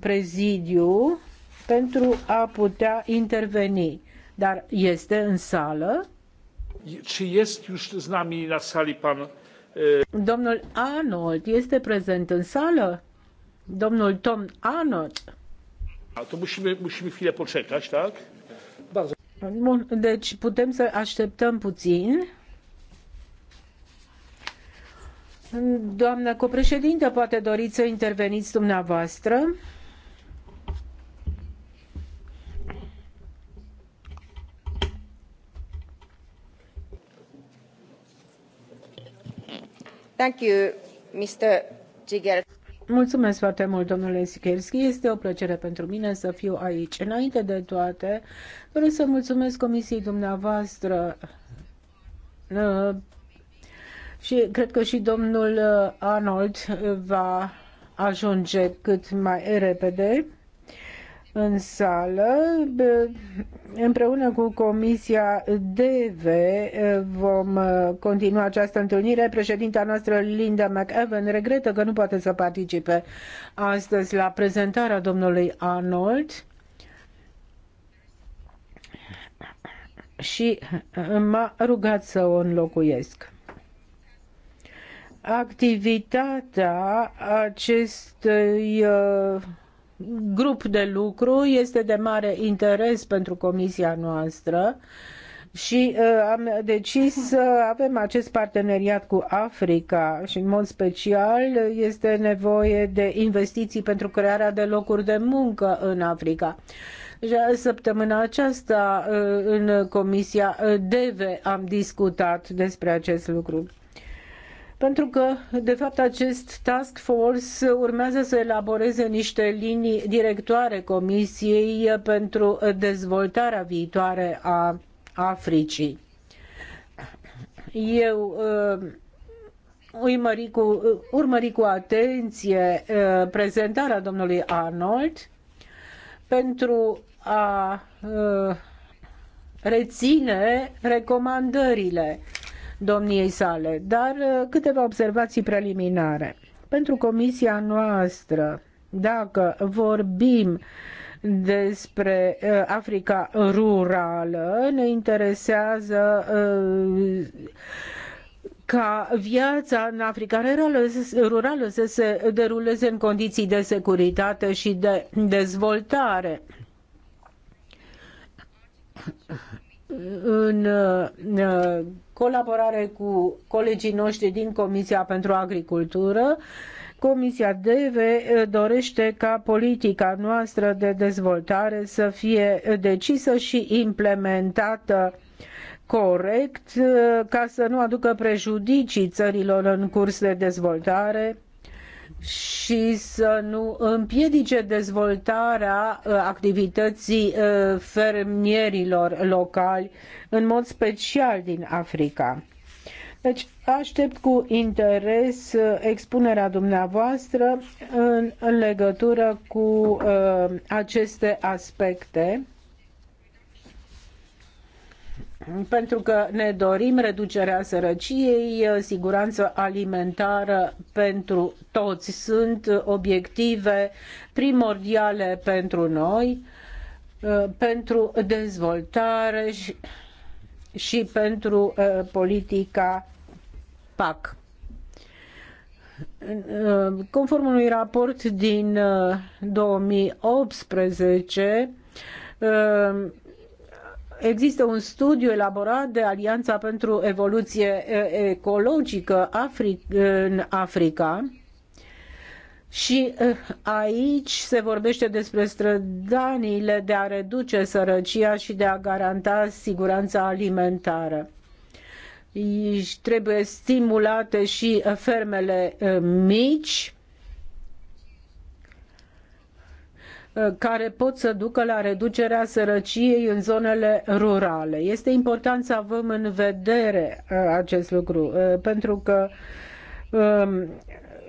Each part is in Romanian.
prezidiu pentru a putea interveni. Dar este în sală? Czy jest już z nami na sali pan... Domnul Arnold este prezent în sală? Domnul Tom Arnold? A, to musimy, musimy chwilę poczekać, tak? Bardzo. Bun, deci putem să așteptăm puțin. Doamna copreședintă, poate doriți să interveniți dumneavoastră. Mulțumesc foarte mult, domnule Sikerski. Este o plăcere pentru mine să fiu aici. Înainte de toate, vreau să mulțumesc comisiei dumneavoastră uh, și cred că și domnul uh, Arnold uh, va ajunge cât mai repede în sală. Împreună cu Comisia DV vom uh, continua această întâlnire. Președinta noastră, Linda McEwen, regretă că nu poate să participe astăzi la prezentarea domnului Arnold. Și uh, m-a rugat să o înlocuiesc activitatea acestui uh, grup de lucru este de mare interes pentru comisia noastră și uh, am decis să avem acest parteneriat cu Africa și în mod special este nevoie de investiții pentru crearea de locuri de muncă în Africa. Săptămâna aceasta uh, în Comisia DEVE am discutat despre acest lucru pentru că, de fapt, acest task force urmează să elaboreze niște linii directoare Comisiei pentru dezvoltarea viitoare a Africii. Eu uh, urmări cu, urmări cu atenție uh, prezentarea domnului Arnold pentru a uh, reține recomandările domniei sale, dar uh, câteva observații preliminare. Pentru comisia noastră, dacă vorbim despre uh, Africa rurală, ne interesează uh, ca viața în Africa rurală să se deruleze în condiții de securitate și de dezvoltare în colaborare cu colegii noștri din Comisia pentru Agricultură, Comisia DEVE dorește ca politica noastră de dezvoltare să fie decisă și implementată corect ca să nu aducă prejudicii țărilor în curs de dezvoltare și să nu împiedice dezvoltarea uh, activității uh, fermierilor locali, în mod special din Africa. Deci aștept cu interes uh, expunerea dumneavoastră în legătură cu aceste aspecte pentru că ne dorim reducerea sărăciei, eh, siguranță alimentară pentru toți. Sunt obiective primordiale pentru noi, eh, pentru dezvoltare și, și pentru eh, politica PAC. Conform unui raport din 2018, Există un studiu elaborat de Alianța pentru Evoluție Ecologică în Africa și aici se vorbește despre strădaniile de a reduce sărăcia și de a garanta siguranța alimentară trebuie stimulate și fermele mici Uh, care pot să ducă la reducerea sărăciei în zonele rurale. Este important să avem în vedere uh, acest lucru, uh, pentru că um,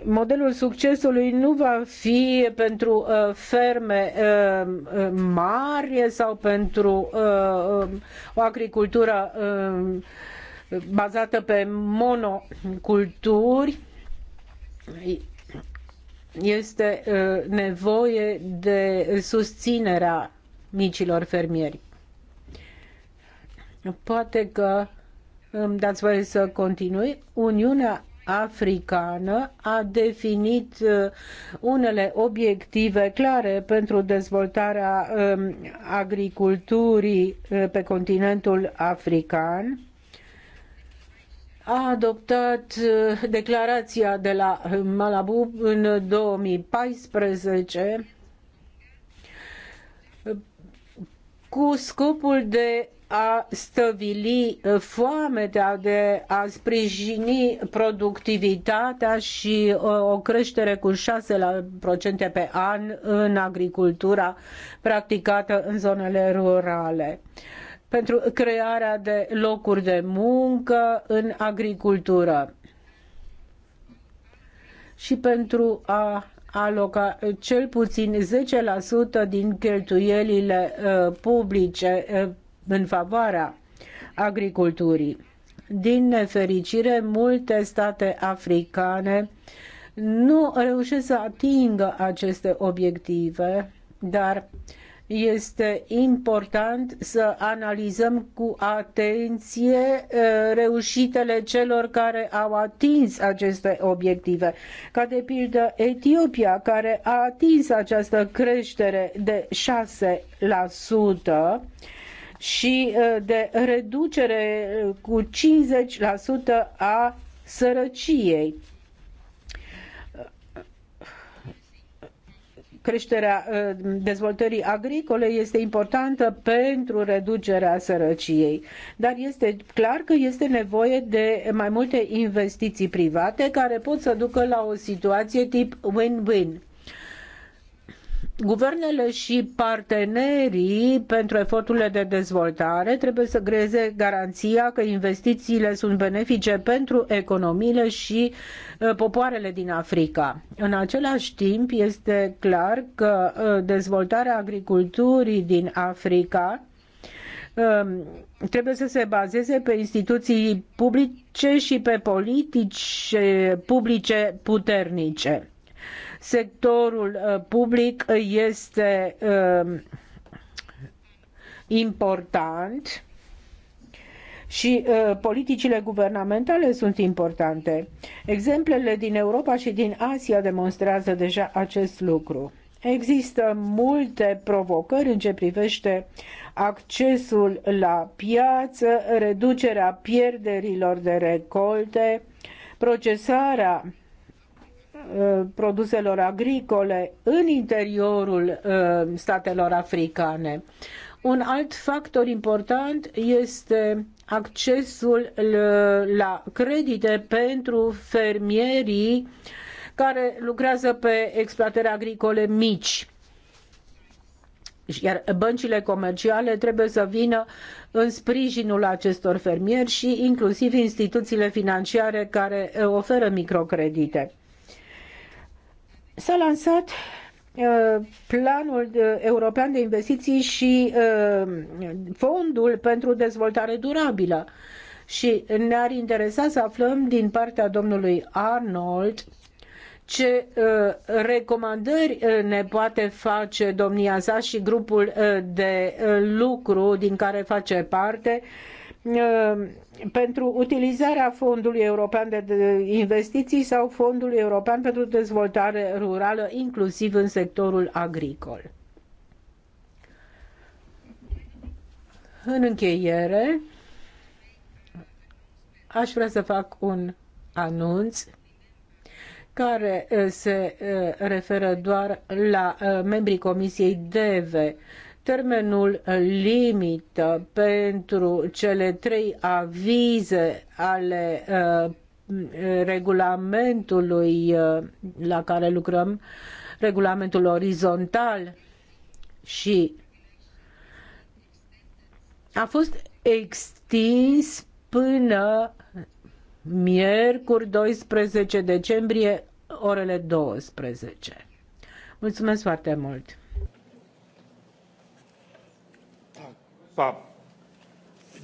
modelul succesului nu va fi pentru ferme mari sau pentru um, o agricultură um, bazată pe monoculturi, este uh, nevoie de susținerea micilor fermieri. Poate că îmi dați voie să continui. Uniunea africană a definit uh, unele obiective clare pentru dezvoltarea um, agriculturii uh, pe continentul african a adoptat uh, declarația de la Malabu în 2014 cu scopul de a stăvili uh, foamea, de a sprijini productivitatea și uh, o creștere cu 6% pe an în agricultura practicată în zonele rurale pentru crearea de locuri de muncă în agricultură și pentru a aloca cel puțin 10% din cheltuielile uh, publice uh, în favoarea agriculturii. Din nefericire, multe state africane nu reușesc să atingă aceste obiective, dar uh, este important să analizăm cu atenție uh, reușitele celor care au atins aceste obiective, ca de pildă Etiopia, care a atins această creștere de 6% și uh, de reducere cu 50% a sărăciei. creșterea ă, dezvoltării agricole este importantă pentru reducerea sărăciei. Dar este clar că este nevoie de mai multe investiții private care pot să ducă la o situație tip win-win. Guvernele și partenerii pentru eforturile de dezvoltare trebuie să creeze garanția că investițiile sunt benefice pentru economiile și uh, popoarele din Africa. În același timp, este clar că uh, dezvoltarea agriculturii din Africa um, trebuie să se bazeze pe instituții publice și pe politici publice puternice sectorul uh, public uh, este um, important și uh, politicile guvernamentale sunt importante. Exemplele din Europa și din Asia demonstrează deja acest lucru. Există multe provocări în ce privește accesul la piață, reducerea pierderilor de recolte, procesarea Uh, produselor agricole în interiorul uh, statelor africane. Un alt factor important este accesul la credite pentru fermierii care lucrează pe exploatări agricole mici. Iar băncile comerciale trebuie să vină în sprijinul acestor fermieri și inclusiv instituțiile financiare care uh, oferă microcredite. S-a lansat uh, planul european de investiții și uh, fondul pentru dezvoltare durabilă. Și ne-ar interesa să aflăm din partea domnului Arnold ce uh, recomandări ne poate face domnia sa și grupul de lucru din care face parte Uh, pentru utilizarea Fondului European de Investiții sau Fondului European pentru Dezvoltare Rurală, inclusiv în sectorul agricol. În încheiere, aș vrea să fac un anunț care uh, se uh, referă doar la membrii Comisiei DEVE Termenul limită pentru cele trei avize ale uh, regulamentului uh, la care lucrăm, regulamentul orizontal și a fost extins până miercuri 12 decembrie, orele 12. Mulțumesc foarte mult!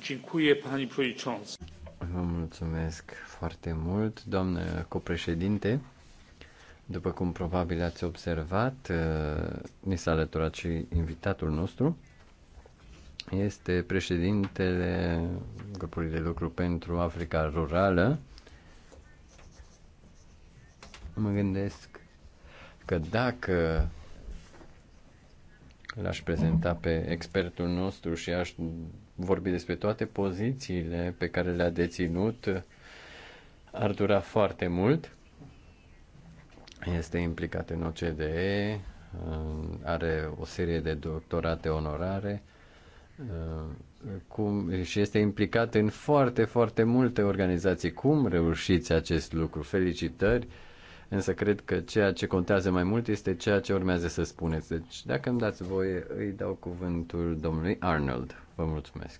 Dziękuję Pani Przewodnicząca. Vă mulțumesc foarte mult, doamnă copreședinte. După cum probabil ați observat, uh, ni s-a alăturat și invitatul nostru. Este președintele grupului de lucru pentru Africa Rurală. Mă gândesc că dacă l-aș prezenta pe expertul nostru și aș vorbi despre toate pozițiile pe care le-a deținut, ar dura foarte mult. Este implicat în OCDE, are o serie de doctorate onorare cum, și este implicat în foarte, foarte multe organizații. Cum reușiți acest lucru? Felicitări! însă cred că ceea ce contează mai mult este ceea ce urmează să spuneți. Deci, dacă îmi dați voie, îi dau cuvântul domnului Arnold. Vă mulțumesc.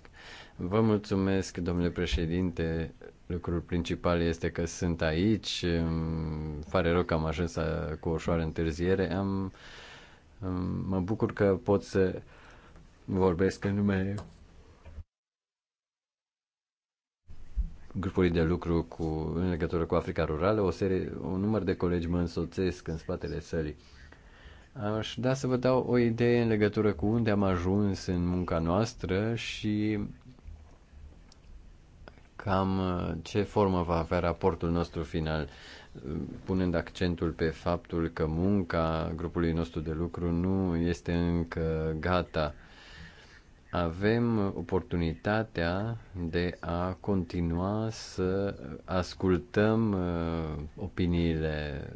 Vă mulțumesc, domnule președinte. Lucrul principal este că sunt aici. Îmi pare rău că am ajuns cu o ușoară întârziere. Am, mă bucur că pot să vorbesc în numele grupului de lucru cu, în legătură cu Africa Rurală, o serie, un număr de colegi mă însoțesc în spatele sării. Aș da să vă dau o idee în legătură cu unde am ajuns în munca noastră și cam uh, ce formă va avea raportul nostru final, uh, punând accentul pe faptul că munca grupului nostru de lucru nu este încă gata avem oportunitatea de a continua să ascultăm uh, opiniile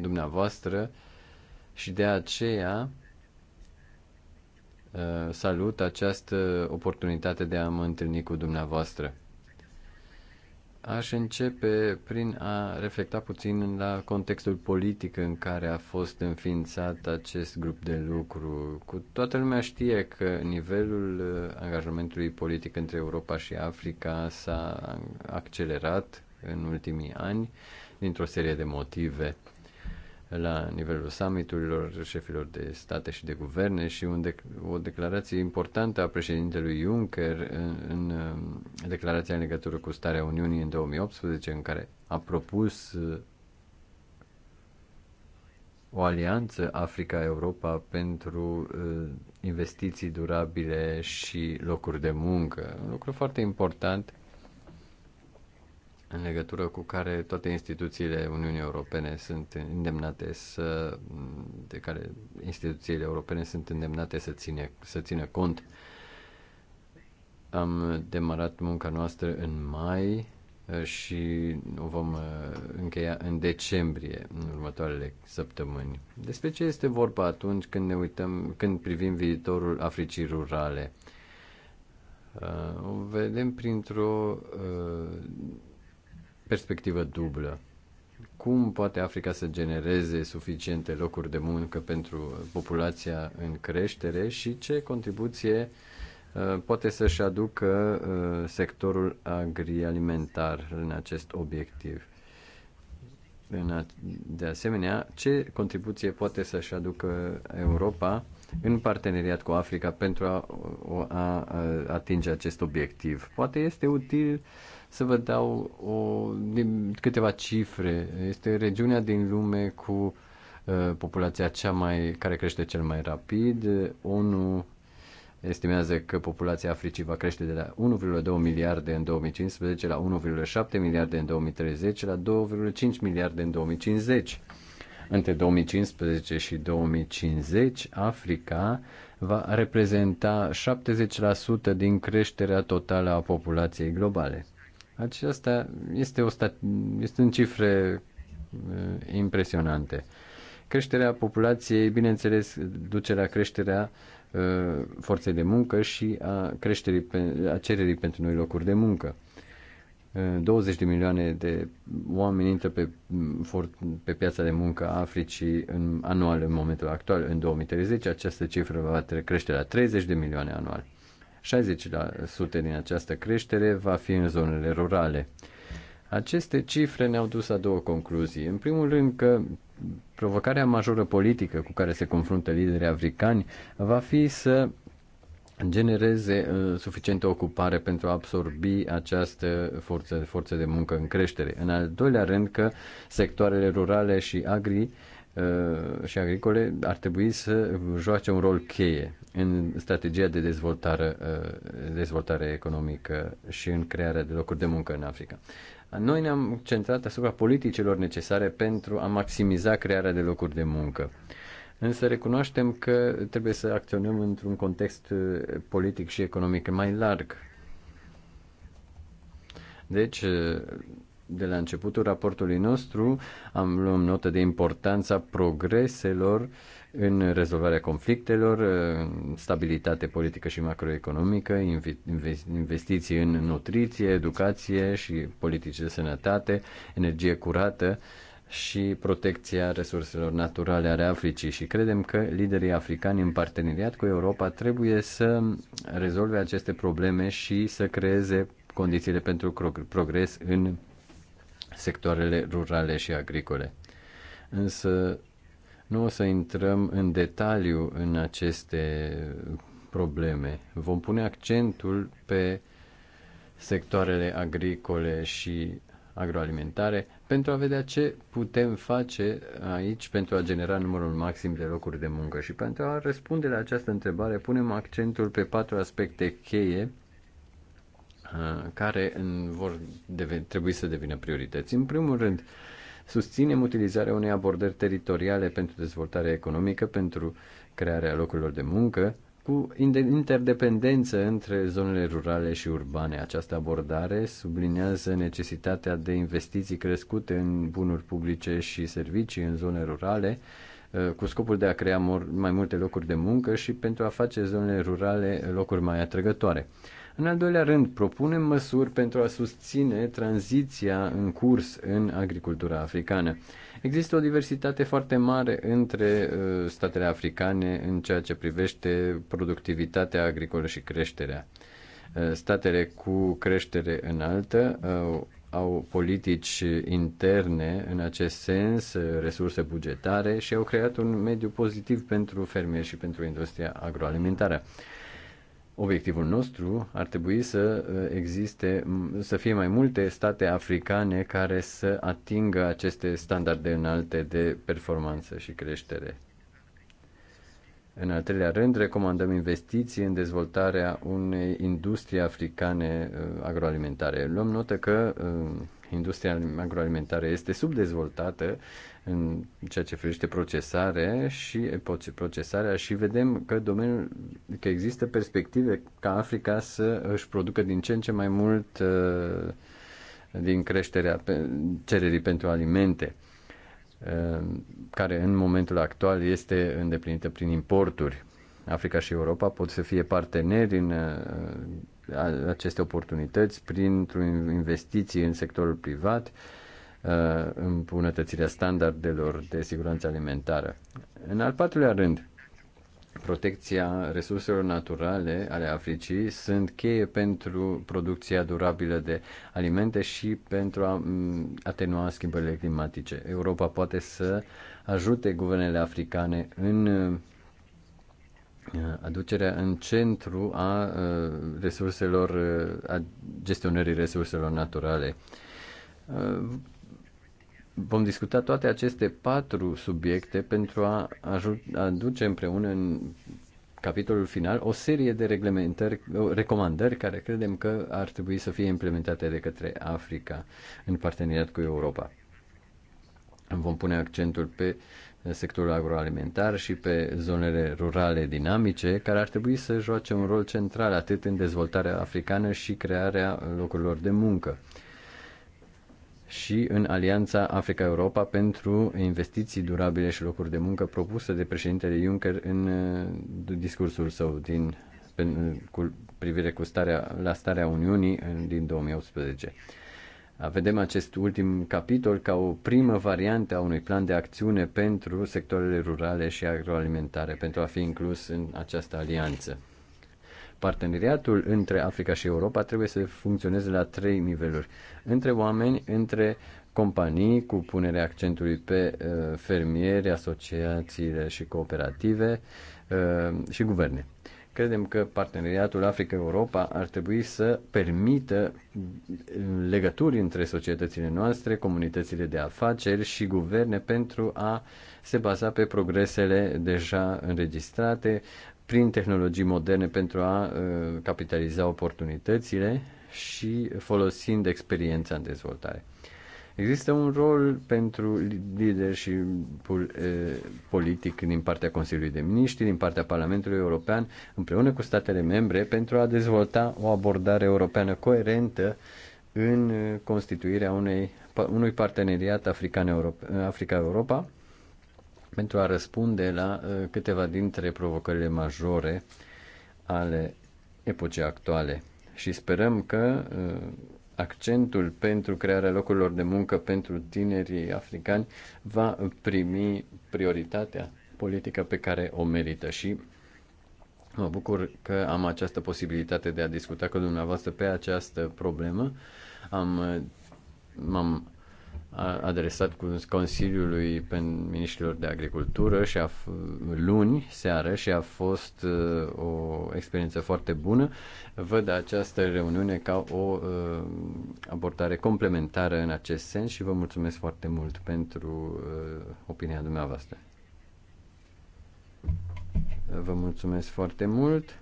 dumneavoastră și de aceea uh, salut această oportunitate de a mă întâlni cu dumneavoastră. Aș începe prin a reflecta puțin la contextul politic în care a fost înființat acest grup de lucru. Cu toată lumea știe că nivelul uh, angajamentului politic între Europa și Africa s-a accelerat în ultimii ani dintr-o serie de motive la nivelul summiturilor șefilor de state și de guverne și unde o declarație importantă a președintelui Juncker în, în um, declarația în legătură cu starea Uniunii în 2018, în care a propus uh, o alianță Africa-Europa pentru uh, investiții durabile și locuri de muncă. Un lucru foarte important în legătură cu care toate instituțiile Uniunii Europene sunt îndemnate să de care instituțiile europene sunt îndemnate să ține să țină cont. Am demarat munca noastră în mai uh, și o vom uh, încheia în decembrie, în următoarele săptămâni. Despre ce este vorba atunci când ne uităm, când privim viitorul Africii rurale? Uh, o vedem printr-o perspectivă dublă. Cum poate Africa să genereze suficiente locuri de muncă pentru populația în creștere și ce contribuție uh, poate să-și aducă uh, sectorul agrialimentar în acest obiectiv? De asemenea, ce contribuție poate să-și aducă Europa în parteneriat cu Africa pentru a, a, a atinge acest obiectiv? Poate este util uh, să vă dau o, din, câteva cifre. Este regiunea din lume cu uh, populația cea mai, care crește cel mai rapid. ONU estimează că populația Africii va crește de la 1,2 miliarde în 2015 la 1,7 miliarde în 2030 la 2,5 miliarde în 2050. Între 2015 și 2050, Africa va reprezenta 70% din creșterea totală a populației globale. Aceasta este, o stat, este în cifre uh, impresionante. Creșterea populației, bineînțeles, duce la creșterea uh, forței de muncă și a, creșterii, a cererii pentru noi locuri de muncă. 20 uh, de milioane de oameni intră pe, mm, pe piața de muncă a Africii în, anual în momentul actual. În 2030 această cifră va crește la 30 de milioane anual. 60% din această creștere va fi în zonele rurale. Aceste cifre ne-au dus la două concluzii. În primul rând că provocarea majoră politică cu care se confruntă liderii africani va fi să genereze uh, suficientă ocupare pentru a absorbi această forță, forță de muncă în creștere. În al doilea rând că sectoarele rurale și agri Uh, și agricole ar trebui să joace un rol cheie în strategia de dezvoltare, uh, dezvoltare economică și în crearea de locuri de muncă în Africa. Noi ne-am centrat asupra politicilor necesare pentru a maximiza crearea de locuri de muncă. Însă recunoaștem că trebuie să acționăm într-un context uh, politic și economic mai larg. Deci, de la începutul raportului nostru am luăm notă de importanța progreselor în rezolvarea conflictelor, stabilitate politică și macroeconomică, investiții în nutriție, educație și politici de sănătate, energie curată și protecția resurselor naturale ale Africii și credem că liderii africani în parteneriat cu Europa trebuie să rezolve aceste probleme și să creeze condițiile pentru progres în sectoarele rurale și agricole. Însă nu o să intrăm în detaliu în aceste probleme. Vom pune accentul pe sectoarele agricole și agroalimentare pentru a vedea ce putem face aici pentru a genera numărul maxim de locuri de muncă. Și pentru a răspunde la această întrebare, punem accentul pe patru aspecte cheie care vor deve, trebui să devină priorități. În primul rând, susținem utilizarea unei abordări teritoriale pentru dezvoltare economică, pentru crearea locurilor de muncă, cu interdependență între zonele rurale și urbane. Această abordare sublinează necesitatea de investiții crescute în bunuri publice și servicii în zone rurale, cu scopul de a crea mai multe locuri de muncă și pentru a face zonele rurale locuri mai atrăgătoare. În al doilea rând, propunem măsuri pentru a susține tranziția în curs în agricultura africană. Există o diversitate foarte mare între uh, statele africane în ceea ce privește productivitatea agricolă și creșterea. Uh, statele cu creștere înaltă uh, au politici interne în acest sens, resurse bugetare și au creat un mediu pozitiv pentru fermieri și pentru industria agroalimentară. Obiectivul nostru ar trebui să uh, existe, să fie mai multe state africane care să atingă aceste standarde înalte de performanță și creștere. În al treilea rând, recomandăm investiții în dezvoltarea unei industrie africane uh, agroalimentare. Luăm notă că uh, industria agroalimentară este subdezvoltată, în ceea ce privește procesare și procesarea și vedem că domeniul că există perspective ca Africa să își producă din ce în ce mai mult uh, din creșterea cererii pentru alimente uh, care în momentul actual este îndeplinită prin importuri. Africa și Europa pot să fie parteneri în uh, aceste oportunități printr-o investiții în sectorul privat Uh, îmbunătățirea standardelor de siguranță alimentară. În al patrulea rând, protecția resurselor naturale ale Africii sunt cheie pentru producția durabilă de alimente și pentru a atenua schimbările climatice. Europa poate să ajute guvernele africane în uh, aducerea în centru a uh, resurselor, a gestionării resurselor naturale vom discuta toate aceste patru subiecte pentru a aduce împreună în capitolul final o serie de reglementări, recomandări care credem că ar trebui să fie implementate de către Africa în parteneriat cu Europa. Vom pune accentul pe sectorul agroalimentar și pe zonele rurale dinamice, care ar trebui să joace un rol central atât în dezvoltarea africană și crearea locurilor de muncă și în Alianța Africa-Europa pentru investiții durabile și locuri de muncă propusă de președintele Juncker în uh, discursul său din, uh, cu privire cu starea, la starea Uniunii uh, din 2018. Vedem acest ultim capitol ca o primă variantă a unui plan de acțiune pentru sectoarele rurale și agroalimentare, pentru a fi inclus în această alianță. Parteneriatul între Africa și Europa trebuie să funcționeze la trei niveluri. Între oameni, între companii, cu punerea accentului pe uh, fermieri, asociațiile și cooperative uh, și guverne. Credem că parteneriatul Africa-Europa ar trebui să permită uh, legături între societățile noastre, comunitățile de afaceri și guverne pentru a se baza pe progresele deja înregistrate, prin tehnologii moderne pentru a uh, capitaliza oportunitățile și folosind experiența în dezvoltare. Există un rol pentru lider și uh, politic din partea Consiliului de Miniștri, din partea Parlamentului European, împreună cu statele membre, pentru a dezvolta o abordare europeană coerentă în uh, constituirea unei, unui parteneriat African-Europa, Africa-Europa pentru a răspunde la uh, câteva dintre provocările majore ale epocii actuale. Și sperăm că uh, accentul pentru crearea locurilor de muncă pentru tinerii africani va primi prioritatea politică pe care o merită și mă bucur că am această posibilitate de a discuta cu dumneavoastră pe această problemă. Am, m-am adresat cu Consiliului Ministrilor de Agricultură și a luni seară și a fost uh, o experiență foarte bună. Văd această reuniune ca o uh, abordare complementară în acest sens și vă mulțumesc foarte mult pentru uh, opinia dumneavoastră. Vă mulțumesc foarte mult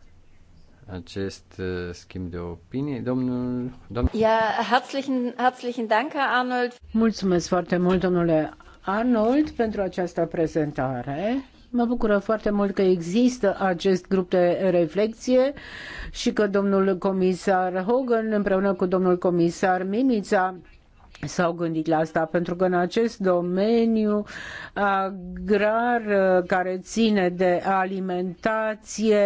acest uh, schimb de opinie. Domnul, domnul... Ja, herzlichen, herzlichen Dank, Arnold. Mulțumesc foarte mult, domnule Arnold, pentru această prezentare. Mă bucură foarte mult că există acest grup de reflexie și că domnul comisar Hogan împreună cu domnul comisar Mimița s-au gândit la asta, pentru că în acest domeniu agrar uh, care ține de alimentație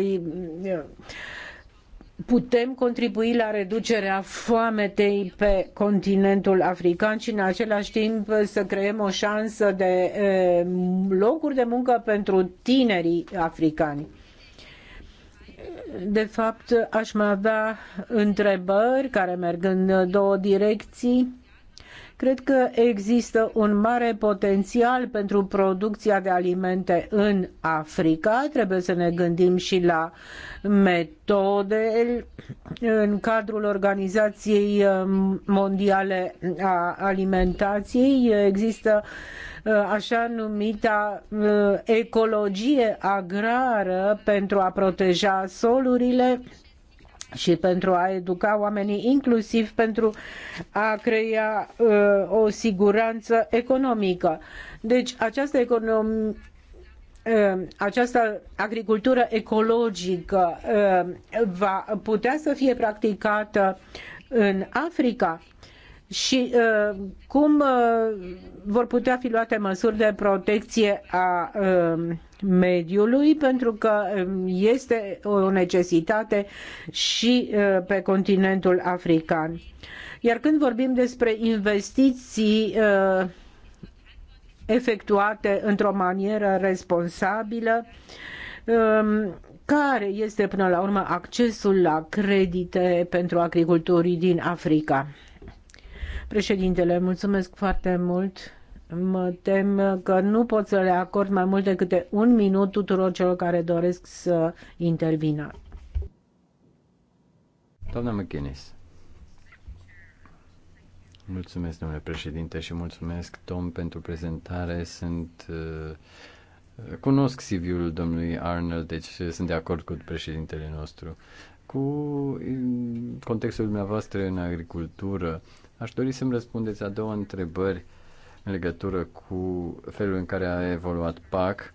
uh, putem contribui la reducerea foametei pe continentul african și în același timp să creăm o șansă de uh, locuri de muncă pentru tinerii africani de fapt, aș mai avea întrebări care merg în două direcții. Cred că există un mare potențial pentru producția de alimente în Africa. Trebuie să ne gândim și la metode în cadrul Organizației Mondiale a Alimentației. Există Uh, așa numita uh, ecologie agrară pentru a proteja solurile și pentru a educa oamenii, inclusiv pentru a crea uh, o siguranță economică. Deci această economie uh, această agricultură ecologică va putea să fie practicată în Africa și uh, cum uh, vor putea fi luate măsuri de protecție a uh, mediului, pentru că um, este o necesitate și pe continentul african. Iar când vorbim despre investiții efectuate într-o manieră responsabilă, um, care este până la urmă accesul la credite pentru agricultorii din Africa? Președintele, mulțumesc foarte mult. Mă tem că nu pot să le acord mai mult decât de un minut tuturor celor care doresc să intervină. Doamna McGuinness. Mulțumesc, domnule președinte, și mulțumesc, Tom, pentru prezentare. Sunt uh, Cunosc CV-ul domnului Arnold, deci sunt de acord cu președintele nostru. Cu contextul dumneavoastră în agricultură, Aș dori să-mi răspundeți a două întrebări în legătură cu felul în care a evoluat PAC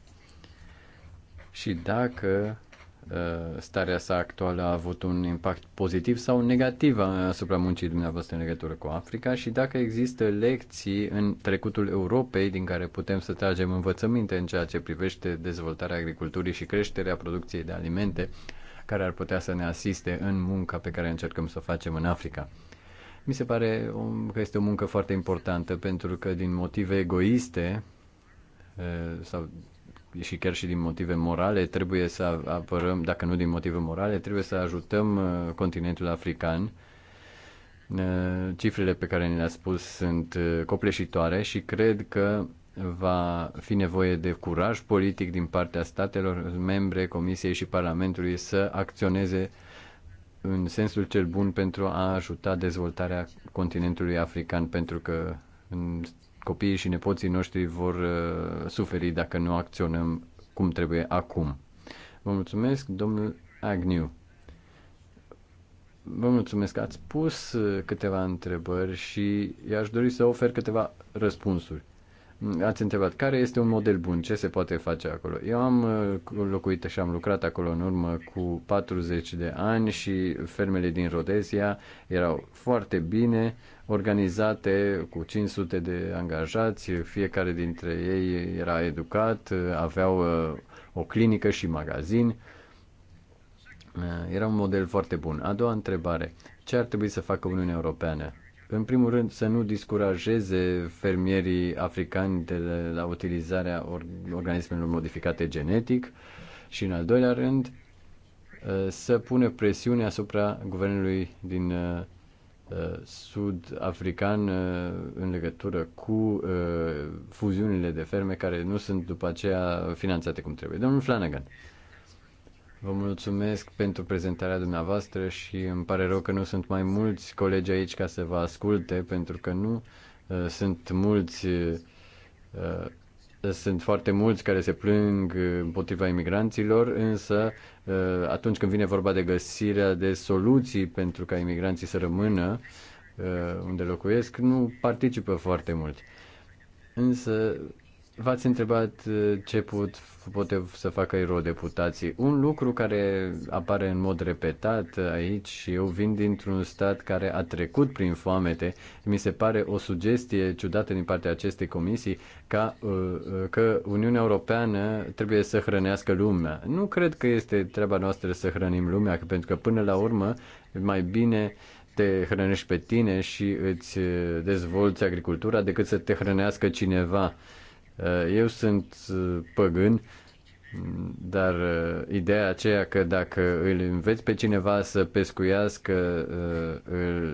și dacă uh, starea sa actuală a avut un impact pozitiv sau negativ asupra muncii dumneavoastră în legătură cu Africa și dacă există lecții în trecutul Europei din care putem să tragem învățăminte în ceea ce privește dezvoltarea agriculturii și creșterea producției de alimente care ar putea să ne asiste în munca pe care încercăm să o facem în Africa. Mi se pare că este o muncă foarte importantă pentru că din motive egoiste sau și chiar și din motive morale trebuie să apărăm, dacă nu din motive morale, trebuie să ajutăm continentul african. Cifrele pe care ne le-a spus sunt copleșitoare și cred că va fi nevoie de curaj politic din partea statelor membre, Comisiei și Parlamentului să acționeze uh, în sensul cel bun pentru a ajuta dezvoltarea continentului african, pentru că copiii și nepoții noștri vor uh, suferi dacă nu acționăm cum trebuie acum. Vă mulțumesc, domnul Agnew. Vă mulțumesc că ați pus uh, câteva întrebări și i-aș dori să ofer câteva răspunsuri. Ați întrebat care este un model bun, ce se poate face acolo. Eu am uh, locuit și am lucrat acolo în urmă cu 40 de ani și fermele din Rodezia erau foarte bine organizate cu 500 de angajați, fiecare dintre ei era educat, aveau uh, o clinică și magazin. Uh, era un model foarte bun. A doua întrebare, ce ar trebui să facă Uniunea Europeană? în primul rând, să nu discurajeze fermierii africani de la utilizarea organismelor modificate genetic și, în al doilea rând, uh, să pune presiune asupra guvernului din uh, uh, sud-african în legătură cu fuziunile de ferme care nu sunt după aceea finanțate cum trebuie. Domnul Flanagan. Vă mulțumesc pentru prezentarea dumneavoastră și îmi pare rău că nu sunt mai mulți colegi aici ca să vă asculte, pentru că nu uh, sunt mulți, uh, sunt foarte mulți care se plâng împotriva imigranților, însă uh, atunci când vine vorba de găsirea de soluții pentru ca imigranții să rămână uh, unde locuiesc, nu participă foarte mult. Însă V-ați întrebat uh, ce pot, pot să facă eurodeputații. Un lucru care apare în mod repetat uh, aici și eu vin dintr-un stat care a trecut prin foamete, mi se pare o sugestie ciudată din partea acestei comisii ca, uh, că Uniunea Europeană trebuie să hrănească lumea. Nu cred că este treaba noastră să hrănim lumea, pentru că până la urmă mai bine te hrănești pe tine și îți dezvolți agricultura decât să te hrănească cineva Uh, eu sunt uh, păgân, dar uh, ideea aceea că dacă îl înveți pe cineva să pescuiască, îl,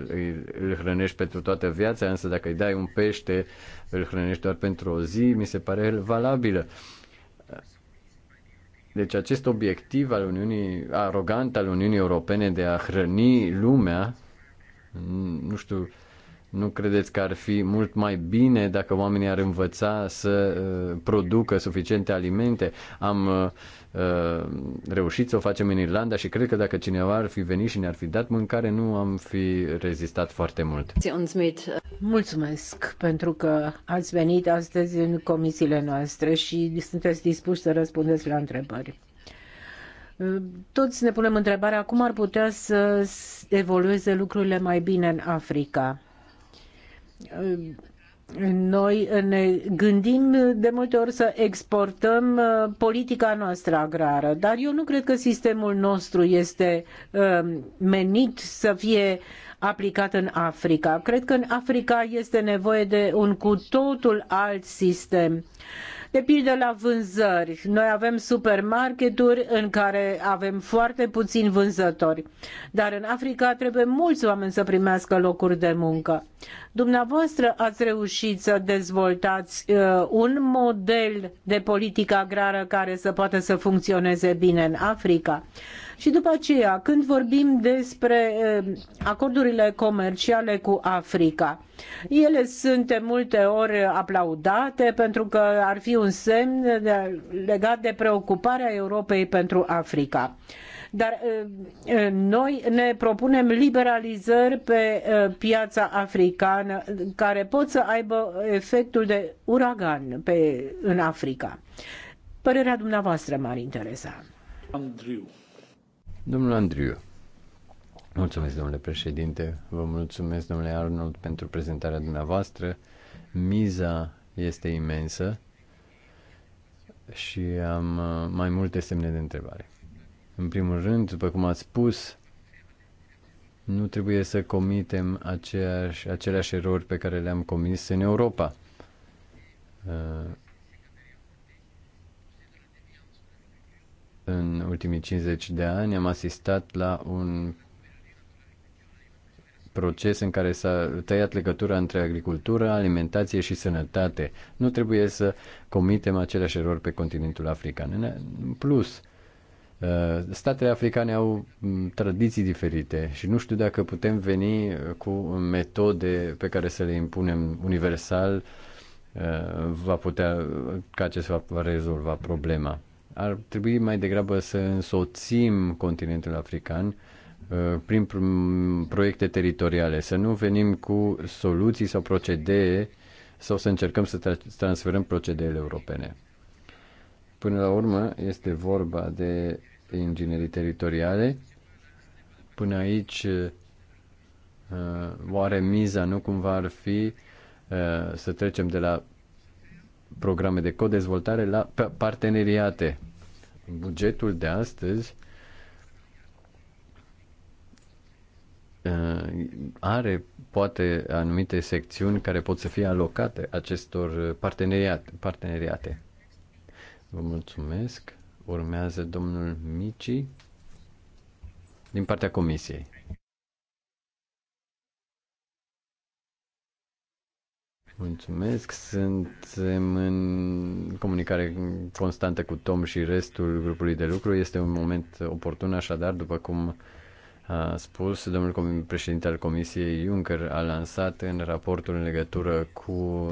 îl, îl hrănești pentru toată viața, însă dacă îi dai un pește, îl hrănești doar pentru o zi, mi se pare valabilă. Deci acest obiectiv al Uniunii, arogant al Uniunii Europene de a hrăni lumea, nu știu, uh, nu credeți că ar fi mult mai bine dacă oamenii ar învăța să uh, producă suficiente alimente? Am uh, uh, reușit să o facem în Irlanda și cred că dacă cineva ar fi venit și ne-ar fi dat mâncare, nu am fi rezistat foarte mult. Mulțumesc pentru că ați venit astăzi în comisiile noastre și sunteți dispuși să răspundeți la întrebări. Toți ne punem întrebarea cum ar putea să evolueze lucrurile mai bine în Africa. Noi ne gândim de multe ori să exportăm uh, politica noastră agrară, dar eu nu cred că sistemul nostru este um, menit să fie aplicat în Africa. Cred că în Africa este nevoie de un cu totul alt sistem de pildă la vânzări, noi avem supermarketuri în care avem foarte puțini vânzători, dar în Africa trebuie mulți oameni să primească locuri de muncă. Dumneavoastră ați reușit să dezvoltați uh, un model de politică agrară care să poată să funcționeze bine în Africa. Și după aceea, când vorbim despre eh, acordurile comerciale cu Africa, ele sunt de multe ori aplaudate pentru că ar fi un semn legat de preocuparea Europei pentru Africa dar eh, eh, noi ne propunem liberalizări pe piața africană care pot să aibă efectul de uragan pe, în Africa. Părerea dumneavoastră m-ar interesa. Andrew. Domnul Andriu. Mulțumesc, domnule președinte. Vă mulțumesc, domnule Arnold, pentru prezentarea dumneavoastră. Miza este imensă și am uh, mai multe semne de întrebare. În primul rând, după cum ați spus, nu trebuie să comitem aceeași, aceleași erori pe care le-am comis în Europa. Uh, În ultimii 50 de ani am asistat la un proces în care s-a tăiat legătura între agricultură, alimentație și sănătate. Nu trebuie să comitem aceleași erori pe continentul african. În plus, uh, statele africane au mm, tradiții diferite și nu știu dacă putem veni cu metode pe care să le impunem universal uh, va putea, ca acest va rezolva problema ar trebui mai degrabă să însoțim continentul african uh, prin proiecte teritoriale, să nu venim cu soluții sau procedee sau să încercăm să transferăm procedeele europene. Până la urmă, este vorba de inginerii teritoriale. Până aici, uh, oare miza nu cumva ar fi uh, să trecem de la programe de codezvoltare la parteneriate. Bugetul de astăzi uh, are poate anumite secțiuni care pot să fie alocate acestor uh, parteneriate. parteneriate. Vă mulțumesc. Urmează domnul Mici din partea comisiei. Mulțumesc. Suntem în comunicare constantă cu Tom și restul grupului de lucru. Este un moment oportun, așadar, după cum a spus domnul președinte al Comisiei Juncker, a lansat în raportul în legătură cu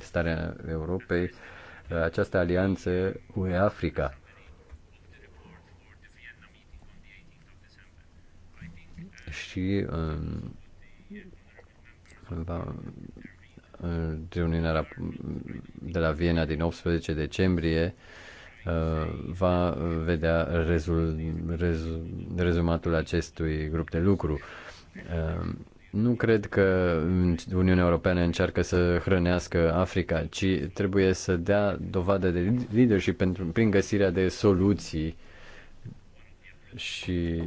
starea Europei această alianță UE-Africa. Și um, reuniunea de la Viena din 18 decembrie uh, va vedea rezul, rez, rezumatul acestui grup de lucru. Uh, nu cred că Uniunea Europeană încearcă să hrănească Africa, ci trebuie să dea dovadă de leadership pentru, prin găsirea de soluții și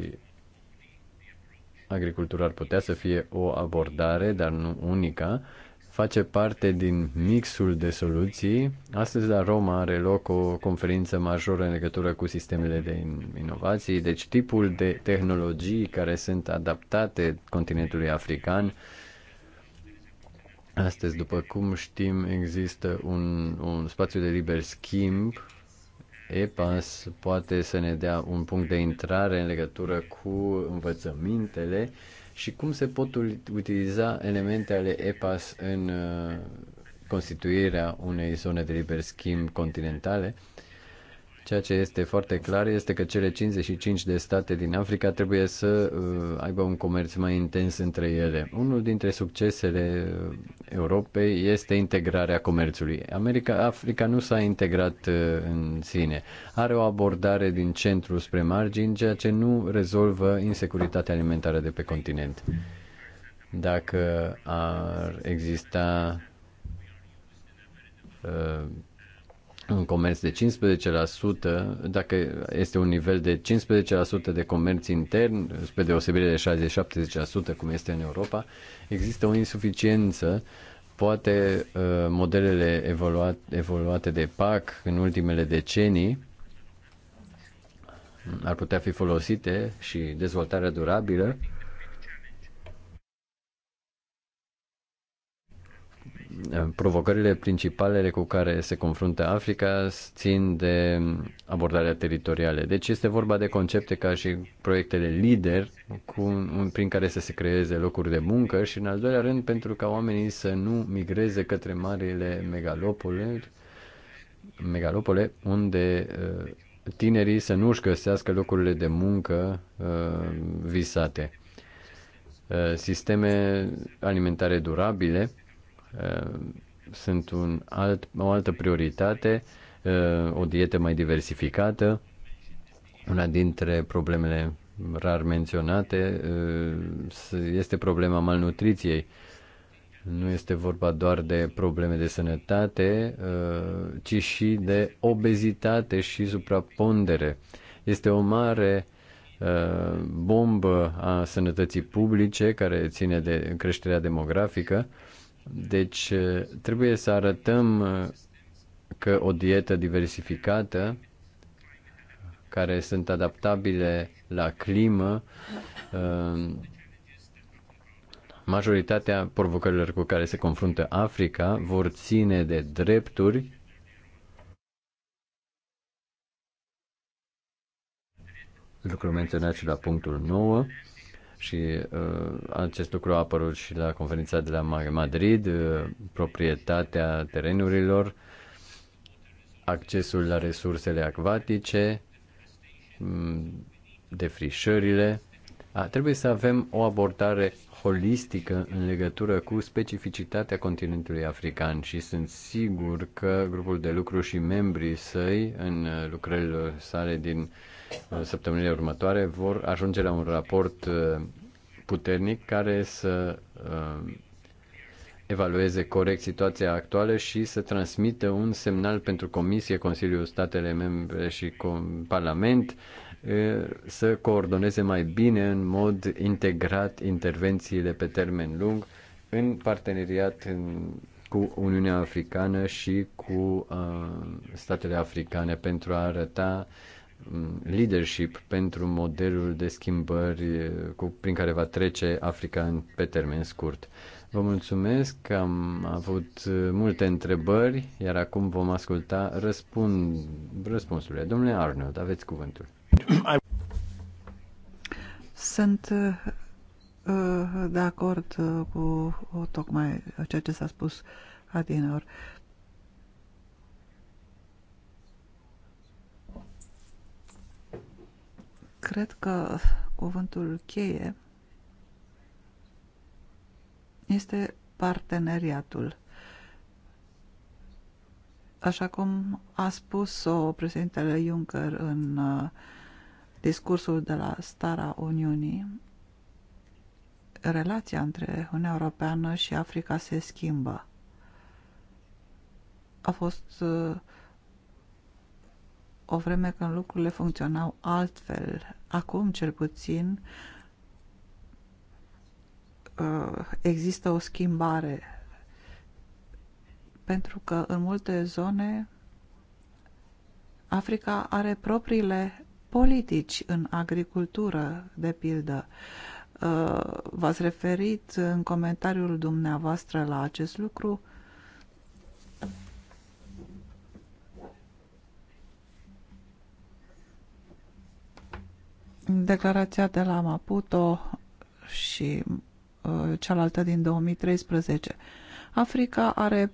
agricultura ar putea să fie o abordare, dar nu unica, uh, face parte din mixul de soluții. Astăzi la Roma are loc o conferință majoră în legătură cu sistemele de inovații, deci tipul de tehnologii care sunt adaptate continentului african. Astăzi, după cum știm, există un, un spațiu de liber schimb. EPAS poate să ne dea un punct de intrare în legătură cu învățămintele uh, și cum se pot utiliza elemente ale EPAS în uh, constituirea unei zone de liber schimb continentale Ceea ce este foarte clar este că cele 55 de state din Africa trebuie să uh, aibă un comerț mai intens între ele. Unul dintre succesele uh, Europei este integrarea comerțului. America, Africa nu s-a integrat uh, în sine. Are o abordare din centru spre margini, ceea ce nu rezolvă insecuritatea alimentară de pe continent. Dacă ar exista în comerț de 15%, dacă este un nivel de 15% de comerț intern, spre deosebire de 60-70% cum este în Europa, există o insuficiență. Poate uh, modelele evoluat, evoluate de PAC în ultimele decenii ar putea fi folosite și dezvoltarea durabilă provocările principale cu care se confruntă Africa țin de abordarea teritorială. Deci este vorba de concepte ca și proiectele lider cu, prin care să se creeze locuri de muncă și în al doilea rând pentru ca oamenii să nu migreze către marile megalopole, megalopole unde uh, tinerii să nu își găsească locurile de muncă uh, visate. Uh, sisteme alimentare durabile Eh, sunt un alt, o altă prioritate, eh, o dietă mai diversificată. Una dintre problemele rar menționate eh, este problema malnutriției. Nu este vorba doar de probleme de sănătate, ci și de obezitate și suprapondere. Este o mare bombă a sănătății publice care ține de creșterea demografică deci trebuie să arătăm că o dietă diversificată care sunt adaptabile la climă, majoritatea provocărilor cu care se confruntă Africa vor ține de drepturi lucru menționat și la punctul 9 și uh, acest lucru a apărut și la conferința de la Madrid, uh, proprietatea terenurilor, accesul la resursele acvatice, um, defrișările. A, trebuie să avem o abordare holistică în legătură cu specificitatea continentului african și sunt sigur că grupul de lucru și membrii săi în uh, lucrările sale din uh, săptămânile următoare vor ajunge la un raport uh, puternic care să uh, evalueze corect situația actuală și să transmită un semnal pentru Comisie, Consiliul Statele Membre și Parlament uh, să coordoneze mai bine în mod integrat intervențiile pe termen lung în parteneriat în, cu Uniunea Africană și cu uh, statele africane pentru a arăta leadership pentru modelul de schimbări eh, cu, prin care va trece Africa în, pe termen scurt. Vă mulțumesc că am avut eh, multe întrebări, iar acum vom asculta răspund, răspunsurile. Domnule Arnold, aveți cuvântul. Sunt eh, de acord cu tocmai ceea ce s-a spus adineori. Cred că cuvântul cheie este parteneriatul. Așa cum a spus-o președintele Juncker în uh, discursul de la Stara Uniunii, relația între Uniunea Europeană și Africa se schimbă. A fost uh, o vreme când lucrurile funcționau altfel. Acum, cel puțin, uh, există o schimbare pentru că în multe zone Africa are propriile politici în agricultură, de pildă. Uh, v-ați referit în comentariul dumneavoastră la acest lucru. declarația de la Maputo și uh, cealaltă din 2013. Africa are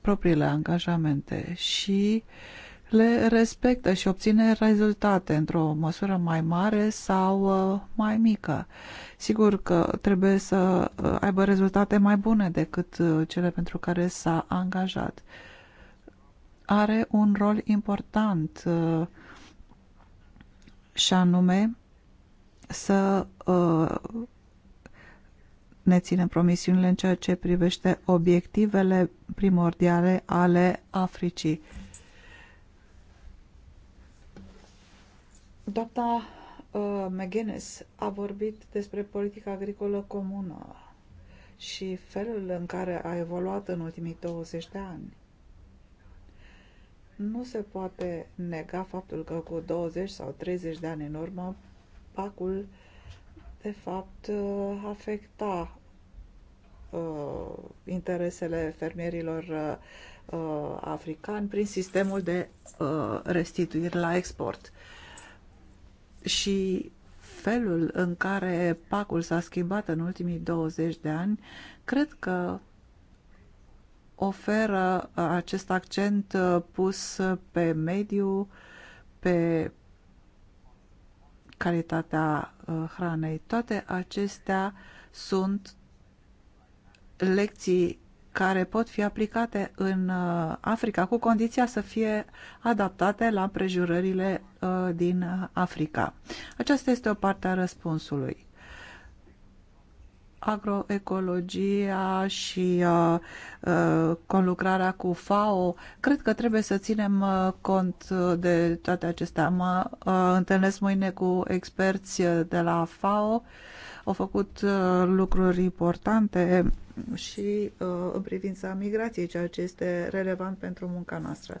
propriile angajamente și le respectă și obține rezultate într-o măsură mai mare sau uh, mai mică. Sigur că trebuie să uh, aibă rezultate mai bune decât cele pentru care s-a angajat. Are un rol important și anume să uh, ne ținem promisiunile în ceea ce privește obiectivele primordiale ale Africii. Doamna uh, McGuinness a vorbit despre politica agricolă comună și felul în care a evoluat în ultimii 20 de ani. Nu se poate nega faptul că cu 20 sau 30 de ani în urmă pacul de fapt uh, afecta uh, interesele fermierilor uh, uh, africani prin sistemul de uh, restituiri la export. Și felul în care pacul s-a schimbat în ultimii 20 de ani, cred că oferă uh, acest accent pus pe mediu, pe calitatea uh, hranei. Toate acestea sunt lecții care pot fi aplicate în uh, Africa, cu condiția să fie adaptate la prejurările uh, din Africa. Aceasta este o parte a răspunsului agroecologia și uh, uh, conlucrarea cu FAO. Cred că trebuie să ținem uh, cont de toate acestea. Mă uh, întâlnesc mâine cu experți uh, de la FAO. Au făcut uh, lucruri importante și uh, în privința migrației, ceea ce este relevant pentru munca noastră.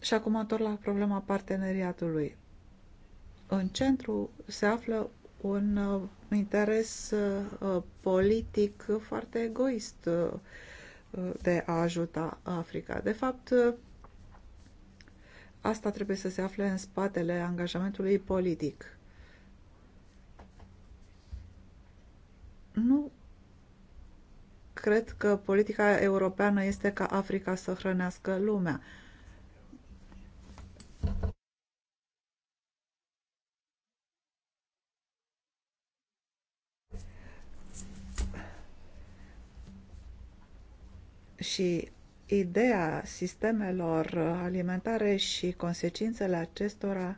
Și acum întorc la problema parteneriatului. În centru se află un uh, interes uh, politic foarte egoist uh, de a ajuta Africa. De fapt, asta trebuie să se afle în spatele angajamentului politic. Nu cred că politica europeană este ca Africa să hrănească lumea. Uh, și ideea sistemelor alimentare și consecințele acestora,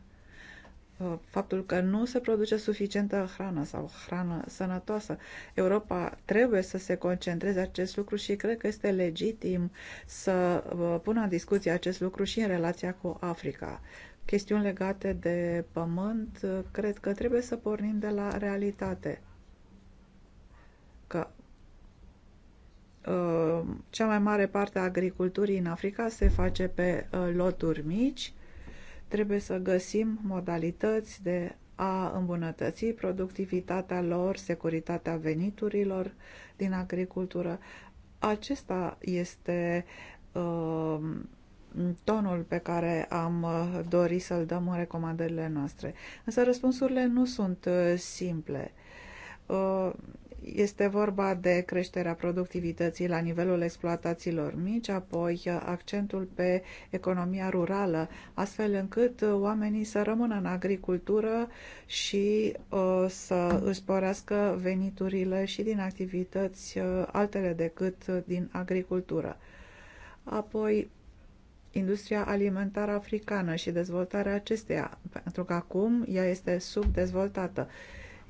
uh, faptul că nu se produce suficientă hrană sau hrană sănătoasă. Europa trebuie să se concentreze acest lucru și cred că este legitim să uh, pună în discuție acest lucru și în relația cu Africa. Chestiuni legate de pământ, uh, cred că trebuie să pornim de la realitate. Că Uh, cea mai mare parte a agriculturii în Africa se face pe uh, loturi mici. Trebuie să găsim modalități de a îmbunătăți productivitatea lor, securitatea veniturilor din agricultură. Acesta este uh, tonul pe care am uh, dorit să-l dăm în recomandările noastre. Însă răspunsurile nu sunt simple. Uh, este vorba de creșterea productivității la nivelul exploatațiilor mici, apoi accentul pe economia rurală, astfel încât oamenii să rămână în agricultură și uh, să își sporească veniturile și din activități uh, altele decât din agricultură. Apoi, industria alimentară africană și dezvoltarea acesteia, pentru că acum ea este subdezvoltată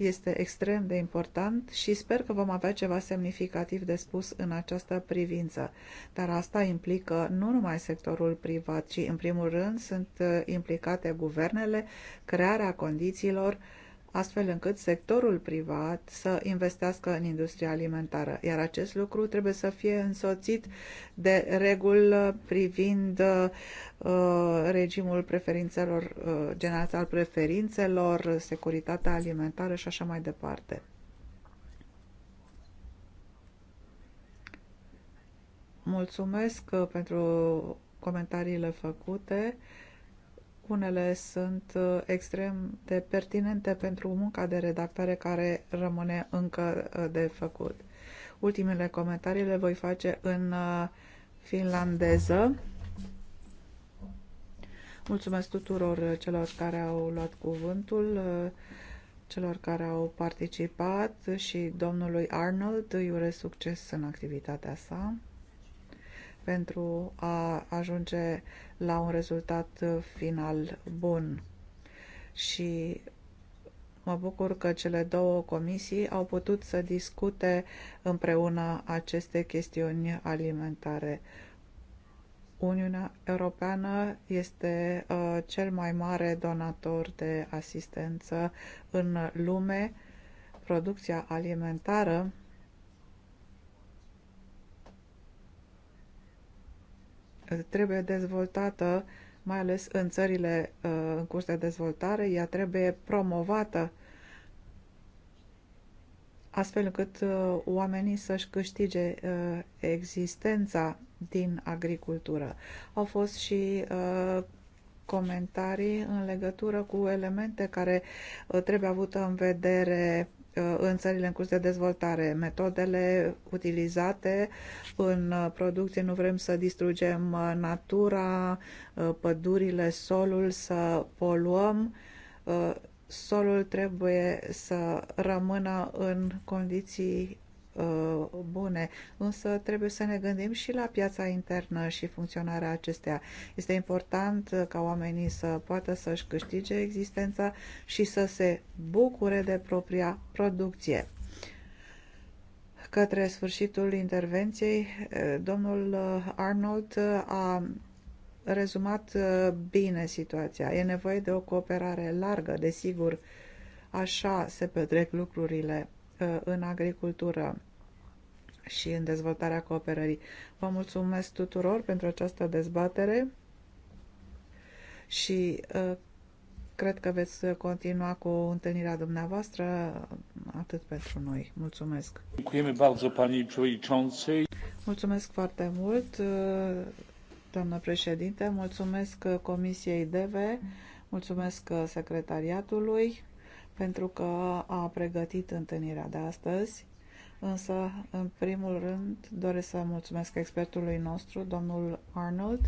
este extrem de important și sper că vom avea ceva semnificativ de spus în această privință. Dar asta implică nu numai sectorul privat, ci în primul rând sunt uh, implicate guvernele, crearea condițiilor astfel încât sectorul privat să investească în industria alimentară. Iar acest lucru trebuie să fie însoțit de reguli privind uh, regimul preferințelor, uh, generația al preferințelor, securitatea alimentară și așa mai departe. Mulțumesc uh, pentru comentariile făcute. Unele sunt uh, extrem de pertinente pentru munca de redactare care rămâne încă uh, de făcut. Ultimele comentarii le voi face în uh, finlandeză. Mulțumesc tuturor celor care au luat cuvântul, celor care au participat și domnului Arnold îi urez succes în activitatea sa pentru a ajunge la un rezultat uh, final bun. Și mă bucur că cele două comisii au putut să discute împreună aceste chestiuni alimentare. Uniunea Europeană este uh, cel mai mare donator de asistență în lume. Producția alimentară trebuie dezvoltată mai ales în țările uh, în curs de dezvoltare, ea trebuie promovată astfel încât uh, oamenii să-și câștige uh, existența din agricultură. Au fost și comentarii în legătură cu elemente care trebuie avută în vedere Uh, în țările în curs de dezvoltare. Metodele utilizate în uh, producție, nu vrem să distrugem uh, natura, pădurile, solul, să poluăm. Solul trebuie să rămână în condiții Uh, bune, însă trebuie să ne gândim și la piața internă și funcționarea acesteia. Este important ca oamenii să poată să-și câștige existența și să se bucure de propria producție. Către sfârșitul intervenției, uh, domnul uh, Arnold a rezumat bine situația. E nevoie de o cooperare largă, desigur, așa se petrec lucrurile Uh, în agricultură și în dezvoltarea cooperării. Vă mulțumesc tuturor pentru această dezbatere și uh, cred că veți continua cu întâlnirea dumneavoastră atât pentru noi. Mulțumesc! Mulțumesc foarte mult, uh, doamnă președinte, mulțumesc Comisiei DEVE, mulțumesc secretariatului pentru că a pregătit întâlnirea de astăzi. Însă, în primul rând, doresc să mulțumesc expertului nostru, domnul Arnold.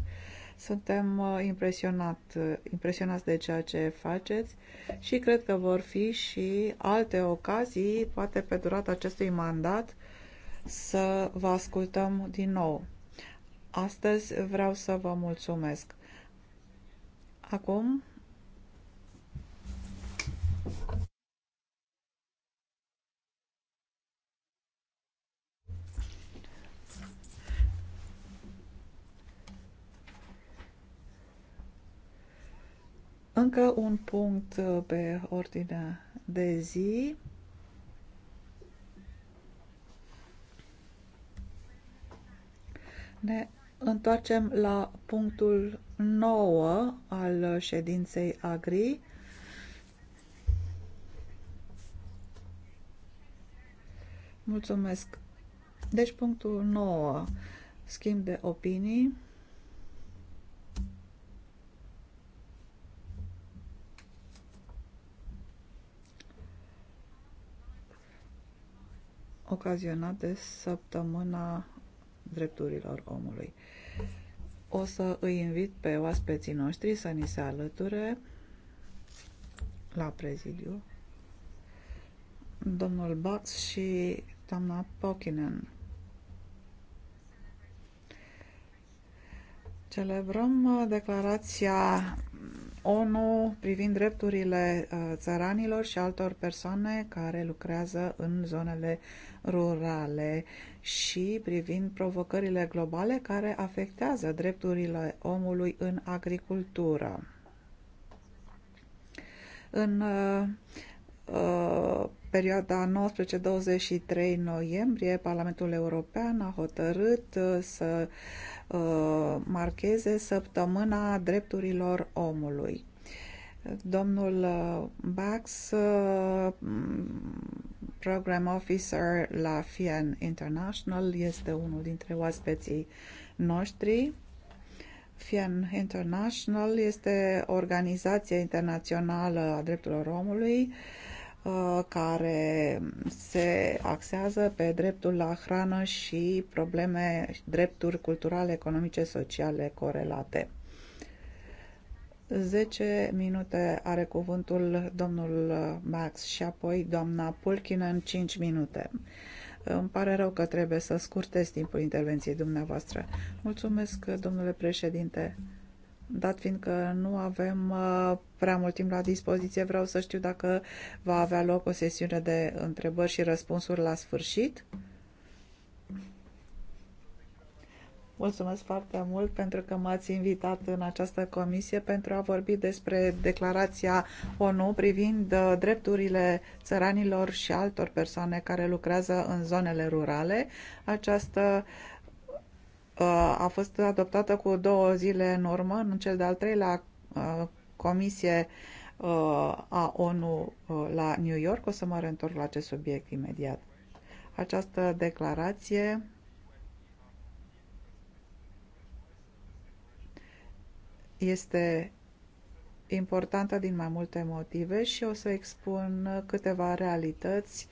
Suntem uh, impresionat, uh, impresionați de ceea ce faceți și cred că vor fi și alte ocazii, poate pe durata acestui mandat, să vă ascultăm din nou. Astăzi vreau să vă mulțumesc. Acum Încă un punct uh, pe ordinea de zi. Ne întoarcem la punctul 9 al ședinței AGRI. Mulțumesc. Deci punctul 9, schimb de opinii. ocazionat de săptămâna drepturilor omului. O să îi invit pe oaspeții noștri să ni se alăture la prezidiu domnul Bax și doamna Pokinen. Celebrăm uh, declarația ONU privind drepturile uh, țăranilor și altor persoane care lucrează în zonele rurale și privind provocările globale care afectează drepturile omului în agricultură. În uh, Uh, perioada 19-23 noiembrie, Parlamentul European a hotărât uh, să uh, marcheze săptămâna drepturilor omului. Domnul Bax, Program Officer la FIAN International, este unul dintre oaspeții noștri. FIAN International este organizația internațională a drepturilor omului Uh, care se axează pe dreptul la hrană și probleme, drepturi culturale, economice, sociale corelate. 10 minute are cuvântul domnul Max și apoi doamna în 5 minute. Îmi pare rău că trebuie să scurtez timpul intervenției dumneavoastră. Mulțumesc, domnule președinte. Dat fiindcă nu avem uh, prea mult timp la dispoziție, vreau să știu dacă va avea loc o sesiune de întrebări și răspunsuri la sfârșit. Mulțumesc foarte mult pentru că m-ați invitat în această comisie pentru a vorbi despre declarația ONU privind uh, drepturile țăranilor și altor persoane care lucrează în zonele rurale. Această a fost adoptată cu două zile în urmă în cel de-al treilea uh, comisie uh, a ONU uh, la New York. O să mă reîntorc la acest subiect imediat. Această declarație este importantă din mai multe motive și o să expun câteva realități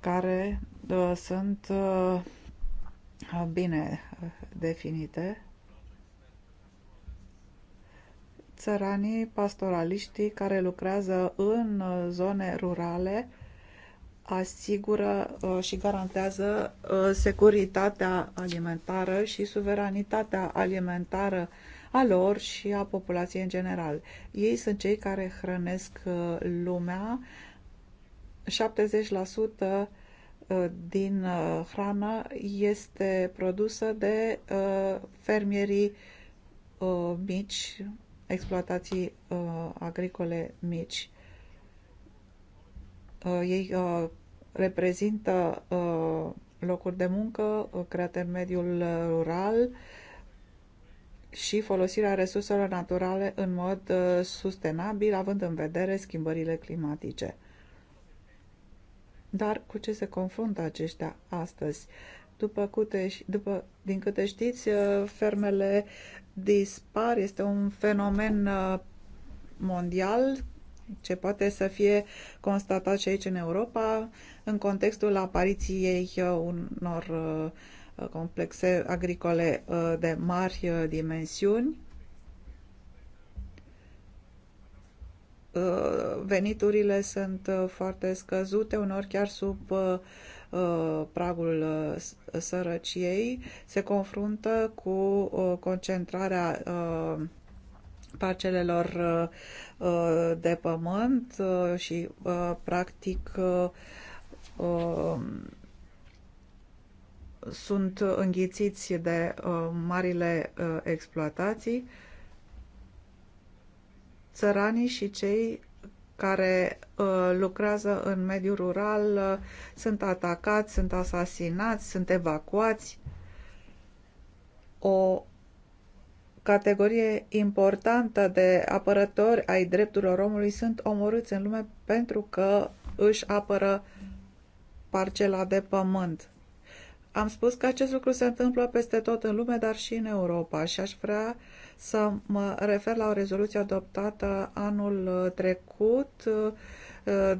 care uh, sunt uh, Ah, bine eh, definite, țăranii pastoraliștii care lucrează în eh, zone rurale asigură eh, și garantează securitatea alimentară și suveranitatea alimentară a lor și a populației în general. Ei sunt cei care hrănesc lumea. 70% Uh, din uh, hrană este produsă de uh, fermierii mici, exploatații agricole mici. Ei reprezintă locuri de muncă create în mediul rural și folosirea resurselor naturale în mod sustenabil, având în vedere schimbările climatice. Dar cu ce se confruntă aceștia astăzi? După, câte, după din câte știți, uh, fermele dispar. Este un fenomen uh, mondial ce poate să fie constatat și aici în Europa în contextul apariției uh, unor complexe agricole de mari dimensiuni Uh, veniturile sunt uh, foarte scăzute, unor chiar sub uh, pragul sărăciei, se confruntă cu concentrarea parcelelor de pământ și practic um, sunt înghițiți de marile exploatații țăranii și cei care uh, lucrează în mediul rural uh, sunt atacați, sunt asasinați, sunt evacuați. O categorie importantă de apărători ai drepturilor omului sunt omorâți în lume pentru că își apără parcela de pământ. Am spus că acest lucru se întâmplă peste tot în lume, dar și în Europa și aș vrea să mă refer la o rezoluție adoptată anul uh, trecut uh,